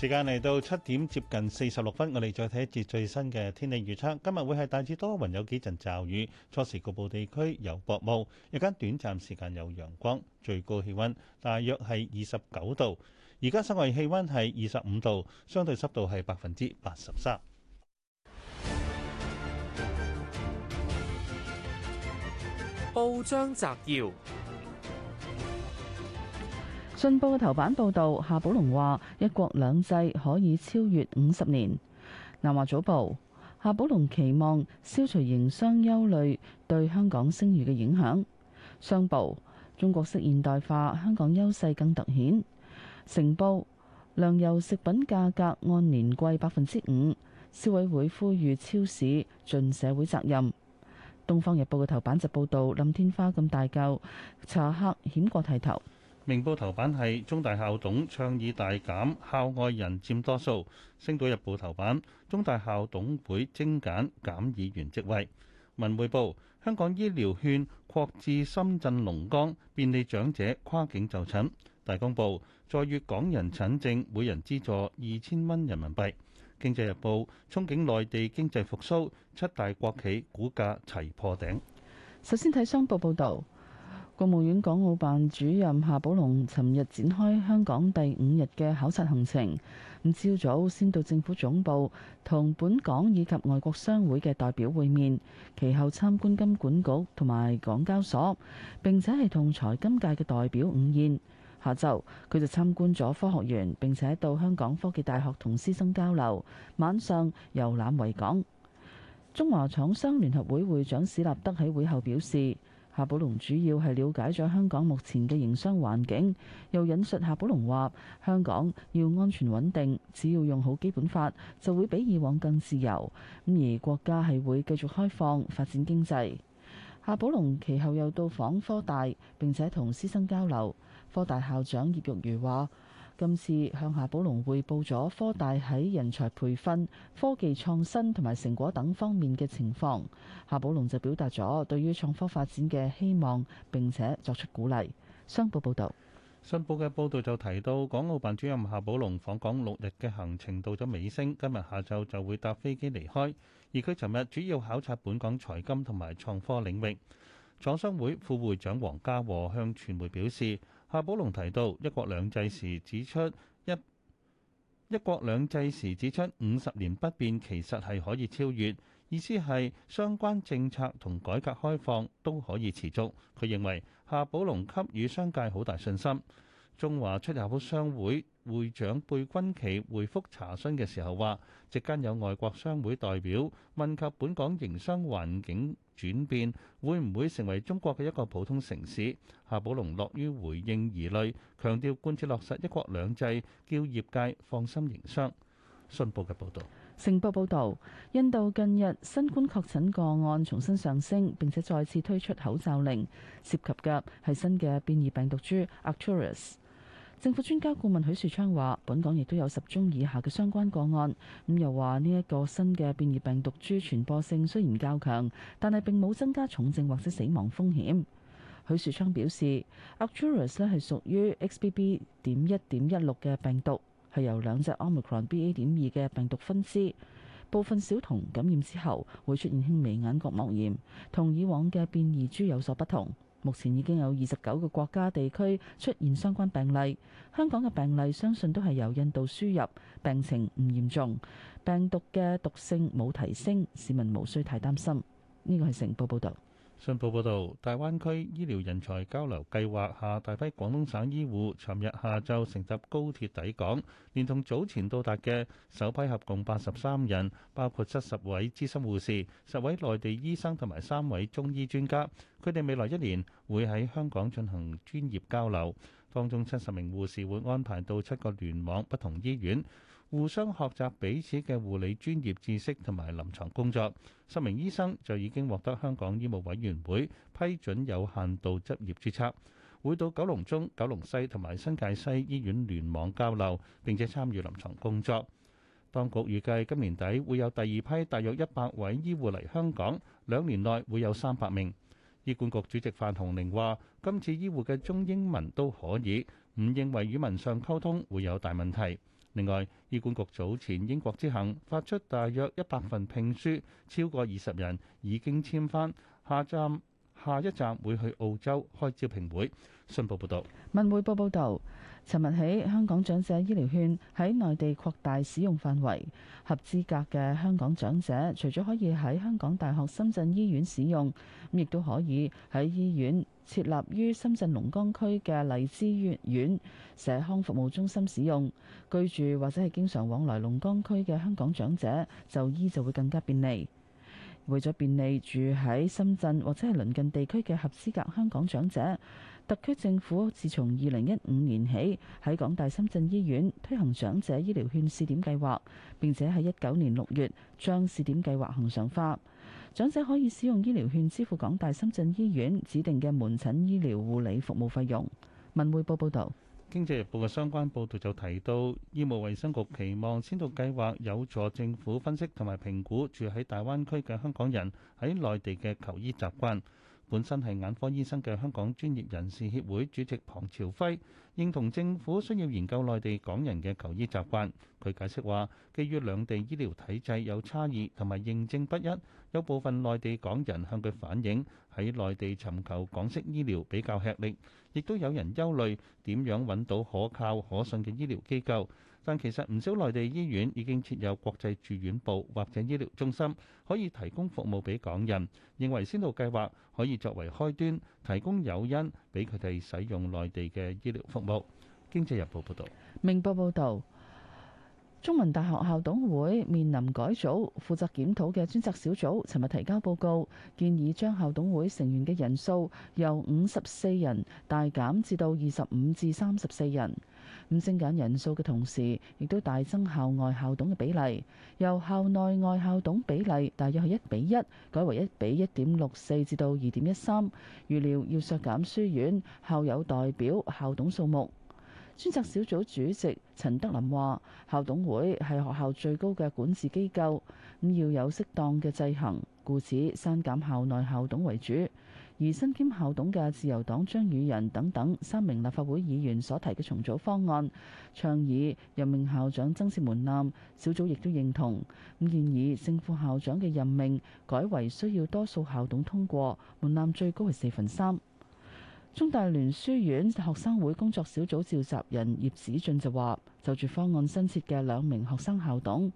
時間嚟到七點，接近四十六分，我哋再睇一節最新嘅天氣預測。今日會係大致多雲，有幾陣驟雨。初時局部地區有薄霧，日間短暫時間有陽光。最高氣温大約係二十九度，而家室外氣温係二十五度，相對濕度係百分之八十三。報章摘要。信報嘅頭版報導，夏寶龍話一國兩制可以超越五十年。南華早報，夏寶龍期望消除營商憂慮對香港聲譽嘅影響。商報，中國式現代化香港優勢更突顯。成報，糧油食品價格按年貴百分之五，消委會呼籲超市盡社會責任。《東方日報》嘅頭版就報導，冧天花咁大嚿，茶客險過剃頭。明報頭版係中大校董倡議大減，校外人佔多數。星島日報頭版：中大校董會精簡減議員職位。文匯報：香港醫療券擴至深圳龍崗，便利長者跨境就診。大公報：在粵港人診症，每人資助二千蚊人民幣。經濟日報：憧憬內地經濟復甦，七大國企股價齊破頂。首先睇商報報道。國務院港澳辦主任夏寶龍尋日展開香港第五日嘅考察行程。咁朝早先到政府總部同本港以及外國商會嘅代表會面，其後參觀金管局同埋港交所，並且係同財金界嘅代表午宴。下晝佢就參觀咗科學園，並且到香港科技大學同師生交流。晚上遊覽維港。中華廠商聯合會會會長史立德喺會後表示。夏寶龍主要係了解咗香港目前嘅營商環境，又引述夏寶龍話：香港要安全穩定，只要用好基本法，就會比以往更自由。咁而國家係會繼續開放發展經濟。夏寶龍其後又到訪科大，並且同師生交流。科大校長葉玉如話。今次向夏寶龍匯報咗科大喺人才培訓、科技創新同埋成果等方面嘅情況，夏寶龍就表達咗對於創科發展嘅希望，並且作出鼓勵。商報報道，新報嘅報導就提到，港澳辦主任夏寶龍訪港六日嘅行程到咗尾聲，今日下晝就會搭飛機離開。而佢尋日主要考察本港財金同埋創科領域。廠商會副會長黃家和向傳媒表示。夏寶龍提到一國兩制時指出，一一國兩制時指出，五十年不變其實係可以超越，意思係相關政策同改革開放都可以持續。佢認為夏寶龍給予商界好大信心。中華出入口商會會長貝君奇回覆查詢嘅時候話：席間有外國商會代表問及本港營商環境轉變會唔會成為中國嘅一個普通城市。夏寶龍樂於回應疑慮，強調貫徹落實一國兩制，叫業界放心營商。信報嘅報導。成報報導，印度近日新冠確診個案重新上升，並且再次推出口罩令，涉及嘅係新嘅變異病毒株 Arcturus。政府專家顧問許樹昌話：本港亦都有十宗以下嘅相關個案。咁又話呢一個新嘅變異病毒株傳播性雖然較強，但係並冇增加重症或者死亡風險。許樹昌表示，Arcturus 係屬於 XBB.1.16 嘅病毒，係由兩隻 Omicron BA.2 嘅病毒分支。部分小童感染之後會出現輕微眼角膜炎，同以往嘅變異株有所不同。目前已經有二十九個國家地區出現相關病例，香港嘅病例相信都係由印度輸入，病情唔嚴重，病毒嘅毒性冇提升，市民無需太擔心。呢個係成報報導。信報報導，大灣區醫療人才交流計劃下，大批廣東省醫護尋日下晝乘搭高鐵抵港，連同早前到達嘅首批合共八十三人，包括七十位資深護士、十位內地醫生同埋三位中醫專家。佢哋未來一年會喺香港進行專業交流，當中七十名護士會安排到七個聯網不同醫院。互相學習彼此嘅護理專業知識同埋臨床工作，十名醫生就已經獲得香港醫務委員會批准有限度執業註冊，會到九龍中、九龍西同埋新界西醫院聯網交流，並且參與臨床工作。當局預計今年底會有第二批大約一百位醫護嚟香港，兩年內會有三百名。醫管局主席范鴻齡話：今次醫護嘅中英文都可以，唔認為語文上溝通會有大問題。另外，醫管局早前英國之行發出大約一百份聘書，超過二十人已經簽翻，下站，下一站會去澳洲開招聘會。信報報道。文匯報報道。尋日起，香港長者醫療券喺內地擴大使用範圍，合資格嘅香港長者除咗可以喺香港大學深圳醫院使用，咁亦都可以喺醫院設立於深圳龍崗區嘅荔枝苑社康服務中心使用。居住或者係經常往來龍崗區嘅香港長者就醫就會更加便利。為咗便利住喺深圳或者係鄰近地區嘅合資格香港長者，特區政府自從二零一五年起喺港大深圳醫院推行長者醫療券試點計劃，並且喺一九年六月將試點計劃恆常化。長者可以使用醫療券支付港大深圳醫院指定嘅門診醫療護理服務費用。文匯報報導。經濟日報嘅相關報導就提到，醫務衛生局期望先導計劃有助政府分析同埋評估住喺大灣區嘅香港人喺內地嘅求醫習慣。本身係眼科醫生嘅香港專業人士協會主席龐朝輝認同政府需要研究內地港人嘅求醫習慣。佢解釋話，基於兩地醫療體制有差異同埋認證不一，有部分內地港人向佢反映喺內地尋求港式醫療比較吃力。亦都有人憂慮點樣揾到可靠可信嘅醫療機構，但其實唔少內地醫院已經設有國際住院部或者醫療中心，可以提供服務俾港人。認為先導計劃可以作為開端，提供誘因俾佢哋使用內地嘅醫療服務。經濟日報報道。明報報道。中文大學校董會面臨改組，負責檢討嘅專責小組尋日提交報告，建議將校董會成員嘅人數由五十四人大減至到二十五至三十四人。咁精簡人數嘅同時，亦都大增校外校董嘅比例，由校內外校董比例大約係一比一，改為一比一點六四至到二點一三。預料要削減書院校友代表校董數目。專責小組主席陳德霖話：校董會係學校最高嘅管治機構，咁要有適當嘅制衡，故此刪減校內校董為主。而身兼校董嘅自由黨張宇人等等三名立法會議員所提嘅重組方案，倡議任命校長增設門檻，小組亦都認同，咁建議正副校長嘅任命改為需要多數校董通過，門檻最高係四分三。中大聯書院學生會工作小組召集人葉子俊就話：就住方案新設嘅兩名學生校董，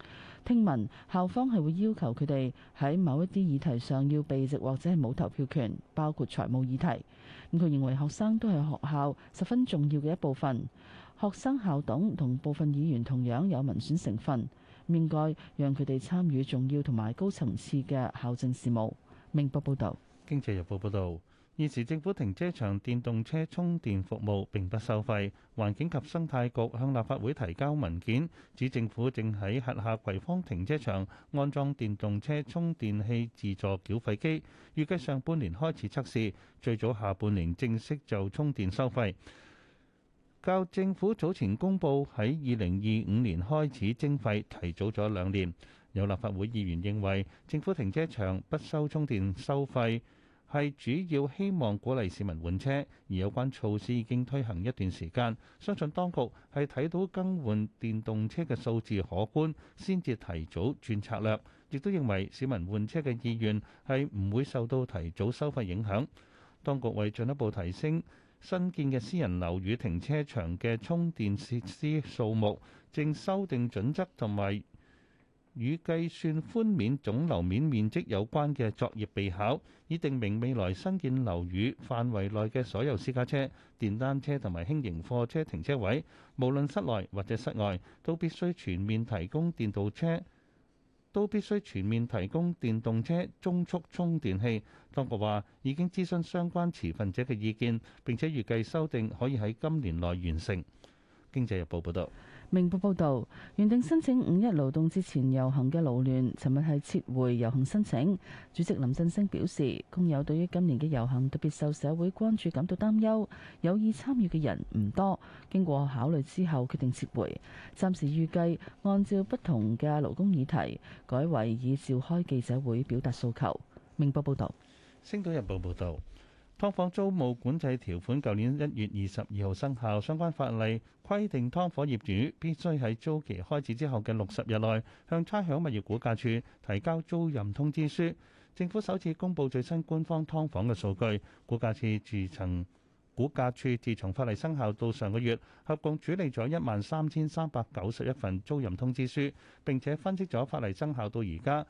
聽聞校方係會要求佢哋喺某一啲議題上要避席或者係冇投票權，包括財務議題。咁佢認為學生都係學校十分重要嘅一部分，學生校董同部分議員同樣有民選成分，應該讓佢哋參與重要同埋高層次嘅校政事務。明報報導，經濟日報報導。現時政府停車場電動車充電服務並不收費。環境及生態局向立法會提交文件，指政府正喺轄下葵芳停車場安裝電動車充電器自助繳費機，預計上半年開始測試，最早下半年正式就充電收費。較政府早前公佈喺二零二五年開始徵費，提早咗兩年。有立法會議員認為，政府停車場不收充電收費。係主要希望鼓勵市民換車，而有關措施已經推行一段時間，相信當局係睇到更換電動車嘅數字可觀，先至提早轉策略，亦都認為市民換車嘅意願係唔會受到提早收費影響。當局為進一步提升新建嘅私人樓宇停車場嘅充電設施數目，正修訂準則同埋，與計算寬免總樓面面積有關嘅作業備考，以定明未來新建樓宇範圍內嘅所有私家車、電單車同埋輕型貨車停車位，無論室內或者室外，都必須全面提供電動車。都必須全面提供電動車中速充電器。當局話已經諮詢相關持份者嘅意見，並且預計修訂可以喺今年內完成。經濟日報報導。明報報導，原定申請五一勞動節前遊行嘅勞聯，尋日係撤回遊行申請。主席林振昇表示，工友對於今年嘅遊行特別受社會關注感到擔憂，有意參與嘅人唔多。經過考慮之後，決定撤回。暫時預計按照不同嘅勞工議題，改為以召開記者會表達訴求。明報報導，星島日報報導。劏房租務管制條款，舊年一月二十二號生效，相關法例規定劏房業主必須喺租期開始之後嘅六十日內，向差餉物業估價處提交租賃通知書。政府首次公布最新官方劏房嘅數據，估價處自從估價處自從法例生效到上個月，合共處理咗一萬三千三百九十一份租賃通知書，並且分析咗法例生效到而家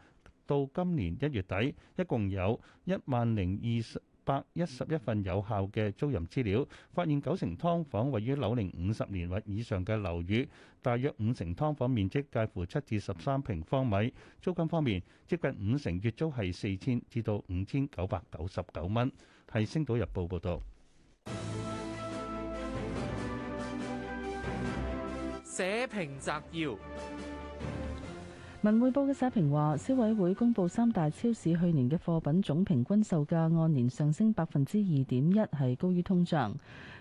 到今年一月底，一共有一萬零二十百一十一份有效嘅租賃資料，發現九成劏房位於樓齡五十年或以上嘅樓宇，大約五成劏房面積介乎七至十三平方米。租金方面，接近五成月租係四千至到五千九百九十九蚊。係星島日報報導。社評摘要。文匯報嘅社評話，消委會公布三大超市去年嘅貨品總平均售價按年上升百分之二點一，係高於通脹，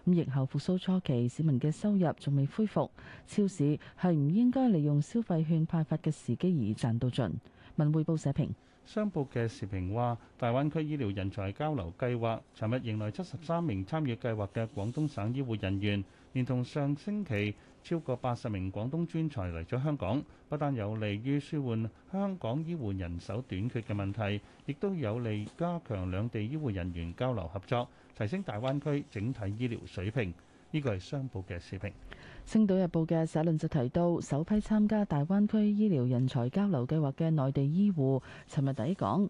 咁疫後復蘇初期，市民嘅收入仲未恢復，超市係唔應該利用消費券派發嘅時機而賺到盡。文匯報社評。商報嘅時評話，大灣區醫療人才交流計劃尋日迎來七十三名參與計劃嘅廣東省醫護人員連同上星期。超過八十名廣東專才嚟咗香港，不但有利於舒緩香港醫護人手短缺嘅問題，亦都有利加強兩地醫護人員交流合作，提升大灣區整體醫療水平。呢個係商報嘅視頻。星島日報嘅社論就提到，首批參加大灣區醫療人才交流計劃嘅內地醫護，尋日抵港。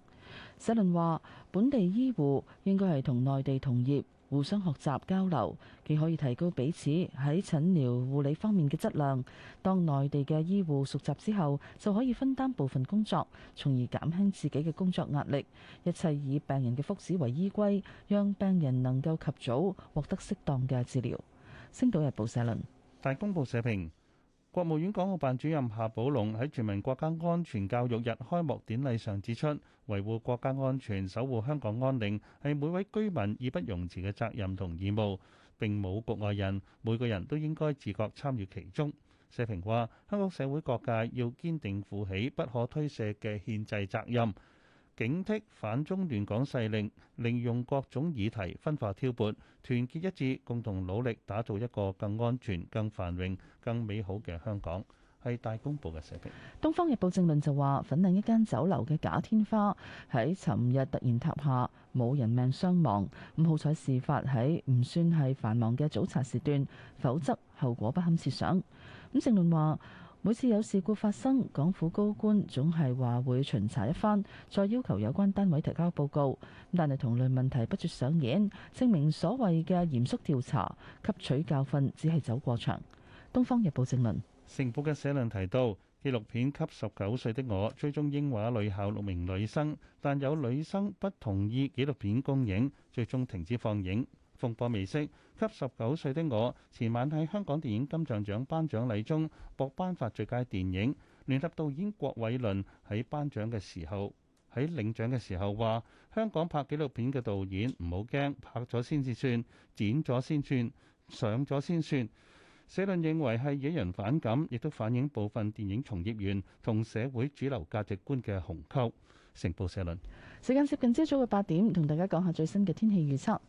社論話，本地醫護應該係同內地同業。互相學習交流，既可以提高彼此喺診療護理方面嘅質量。當內地嘅醫護熟習之後，就可以分擔部分工作，從而減輕自己嘅工作壓力。一切以病人嘅福祉為依歸，讓病人能夠及早獲得適當嘅治療。星島日報社論，大公報社評。國務院港澳辦主任夏寶龍喺全民國家安全教育日開幕典禮上指出，維護國家安全、守護香港安寧係每位居民義不容辭嘅責任同義務，並冇局外人，每個人都應該自覺參與其中。社評話，香港社會各界要堅定負起不可推卸嘅憲制責任。警惕反中亂港勢力，利用各種議題分化挑撥，團結一致，共同努力，打造一個更安全、更繁榮、更美好嘅香港，係大公報嘅社評。《東方日報政論》就話：粉嶺一間酒樓嘅假天花喺尋日突然塌下，冇人命傷亡。咁好彩事發喺唔算係繁忙嘅早茶時段，否則後果不堪設想。咁政論話。每次有事故發生，港府高官總係話會巡查一番，再要求有關單位提交報告。但係同類問題不絕上演，證明所謂嘅嚴肅調查、吸取教訓只係走過場。東方日報正論，政府嘅社論提到，紀錄片給十九歲的我追蹤英華女校六名女生，但有女生不同意紀錄片公映，最終停止放映。風波未息，給十九歲的我前晚喺香港電影金像獎頒獎禮中獲頒發最佳電影。聯合導演郭偉倫喺頒獎嘅時候，喺領獎嘅時候話：香港拍紀錄片嘅導演唔好驚，拍咗先至算，剪咗先算，上咗先算。社論認為係惹人反感，亦都反映部分電影從業員同社會主流價值觀嘅鴻溝。成報社論。時間接近朝早嘅八點，同大家講下最新嘅天氣預測。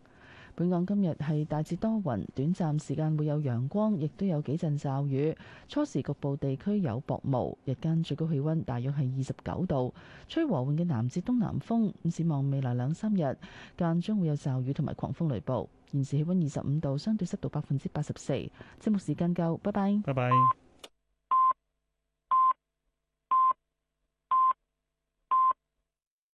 本港今日係大致多雲，短暫時間會有陽光，亦都有幾陣驟雨。初時局部地區有薄霧，日間最高氣温大約係二十九度，吹和緩嘅南至東南風。咁展望未來兩三日間將會有驟雨同埋狂風雷暴。現時氣温二十五度，相對濕度百分之八十四。節目時間夠，拜拜。拜拜。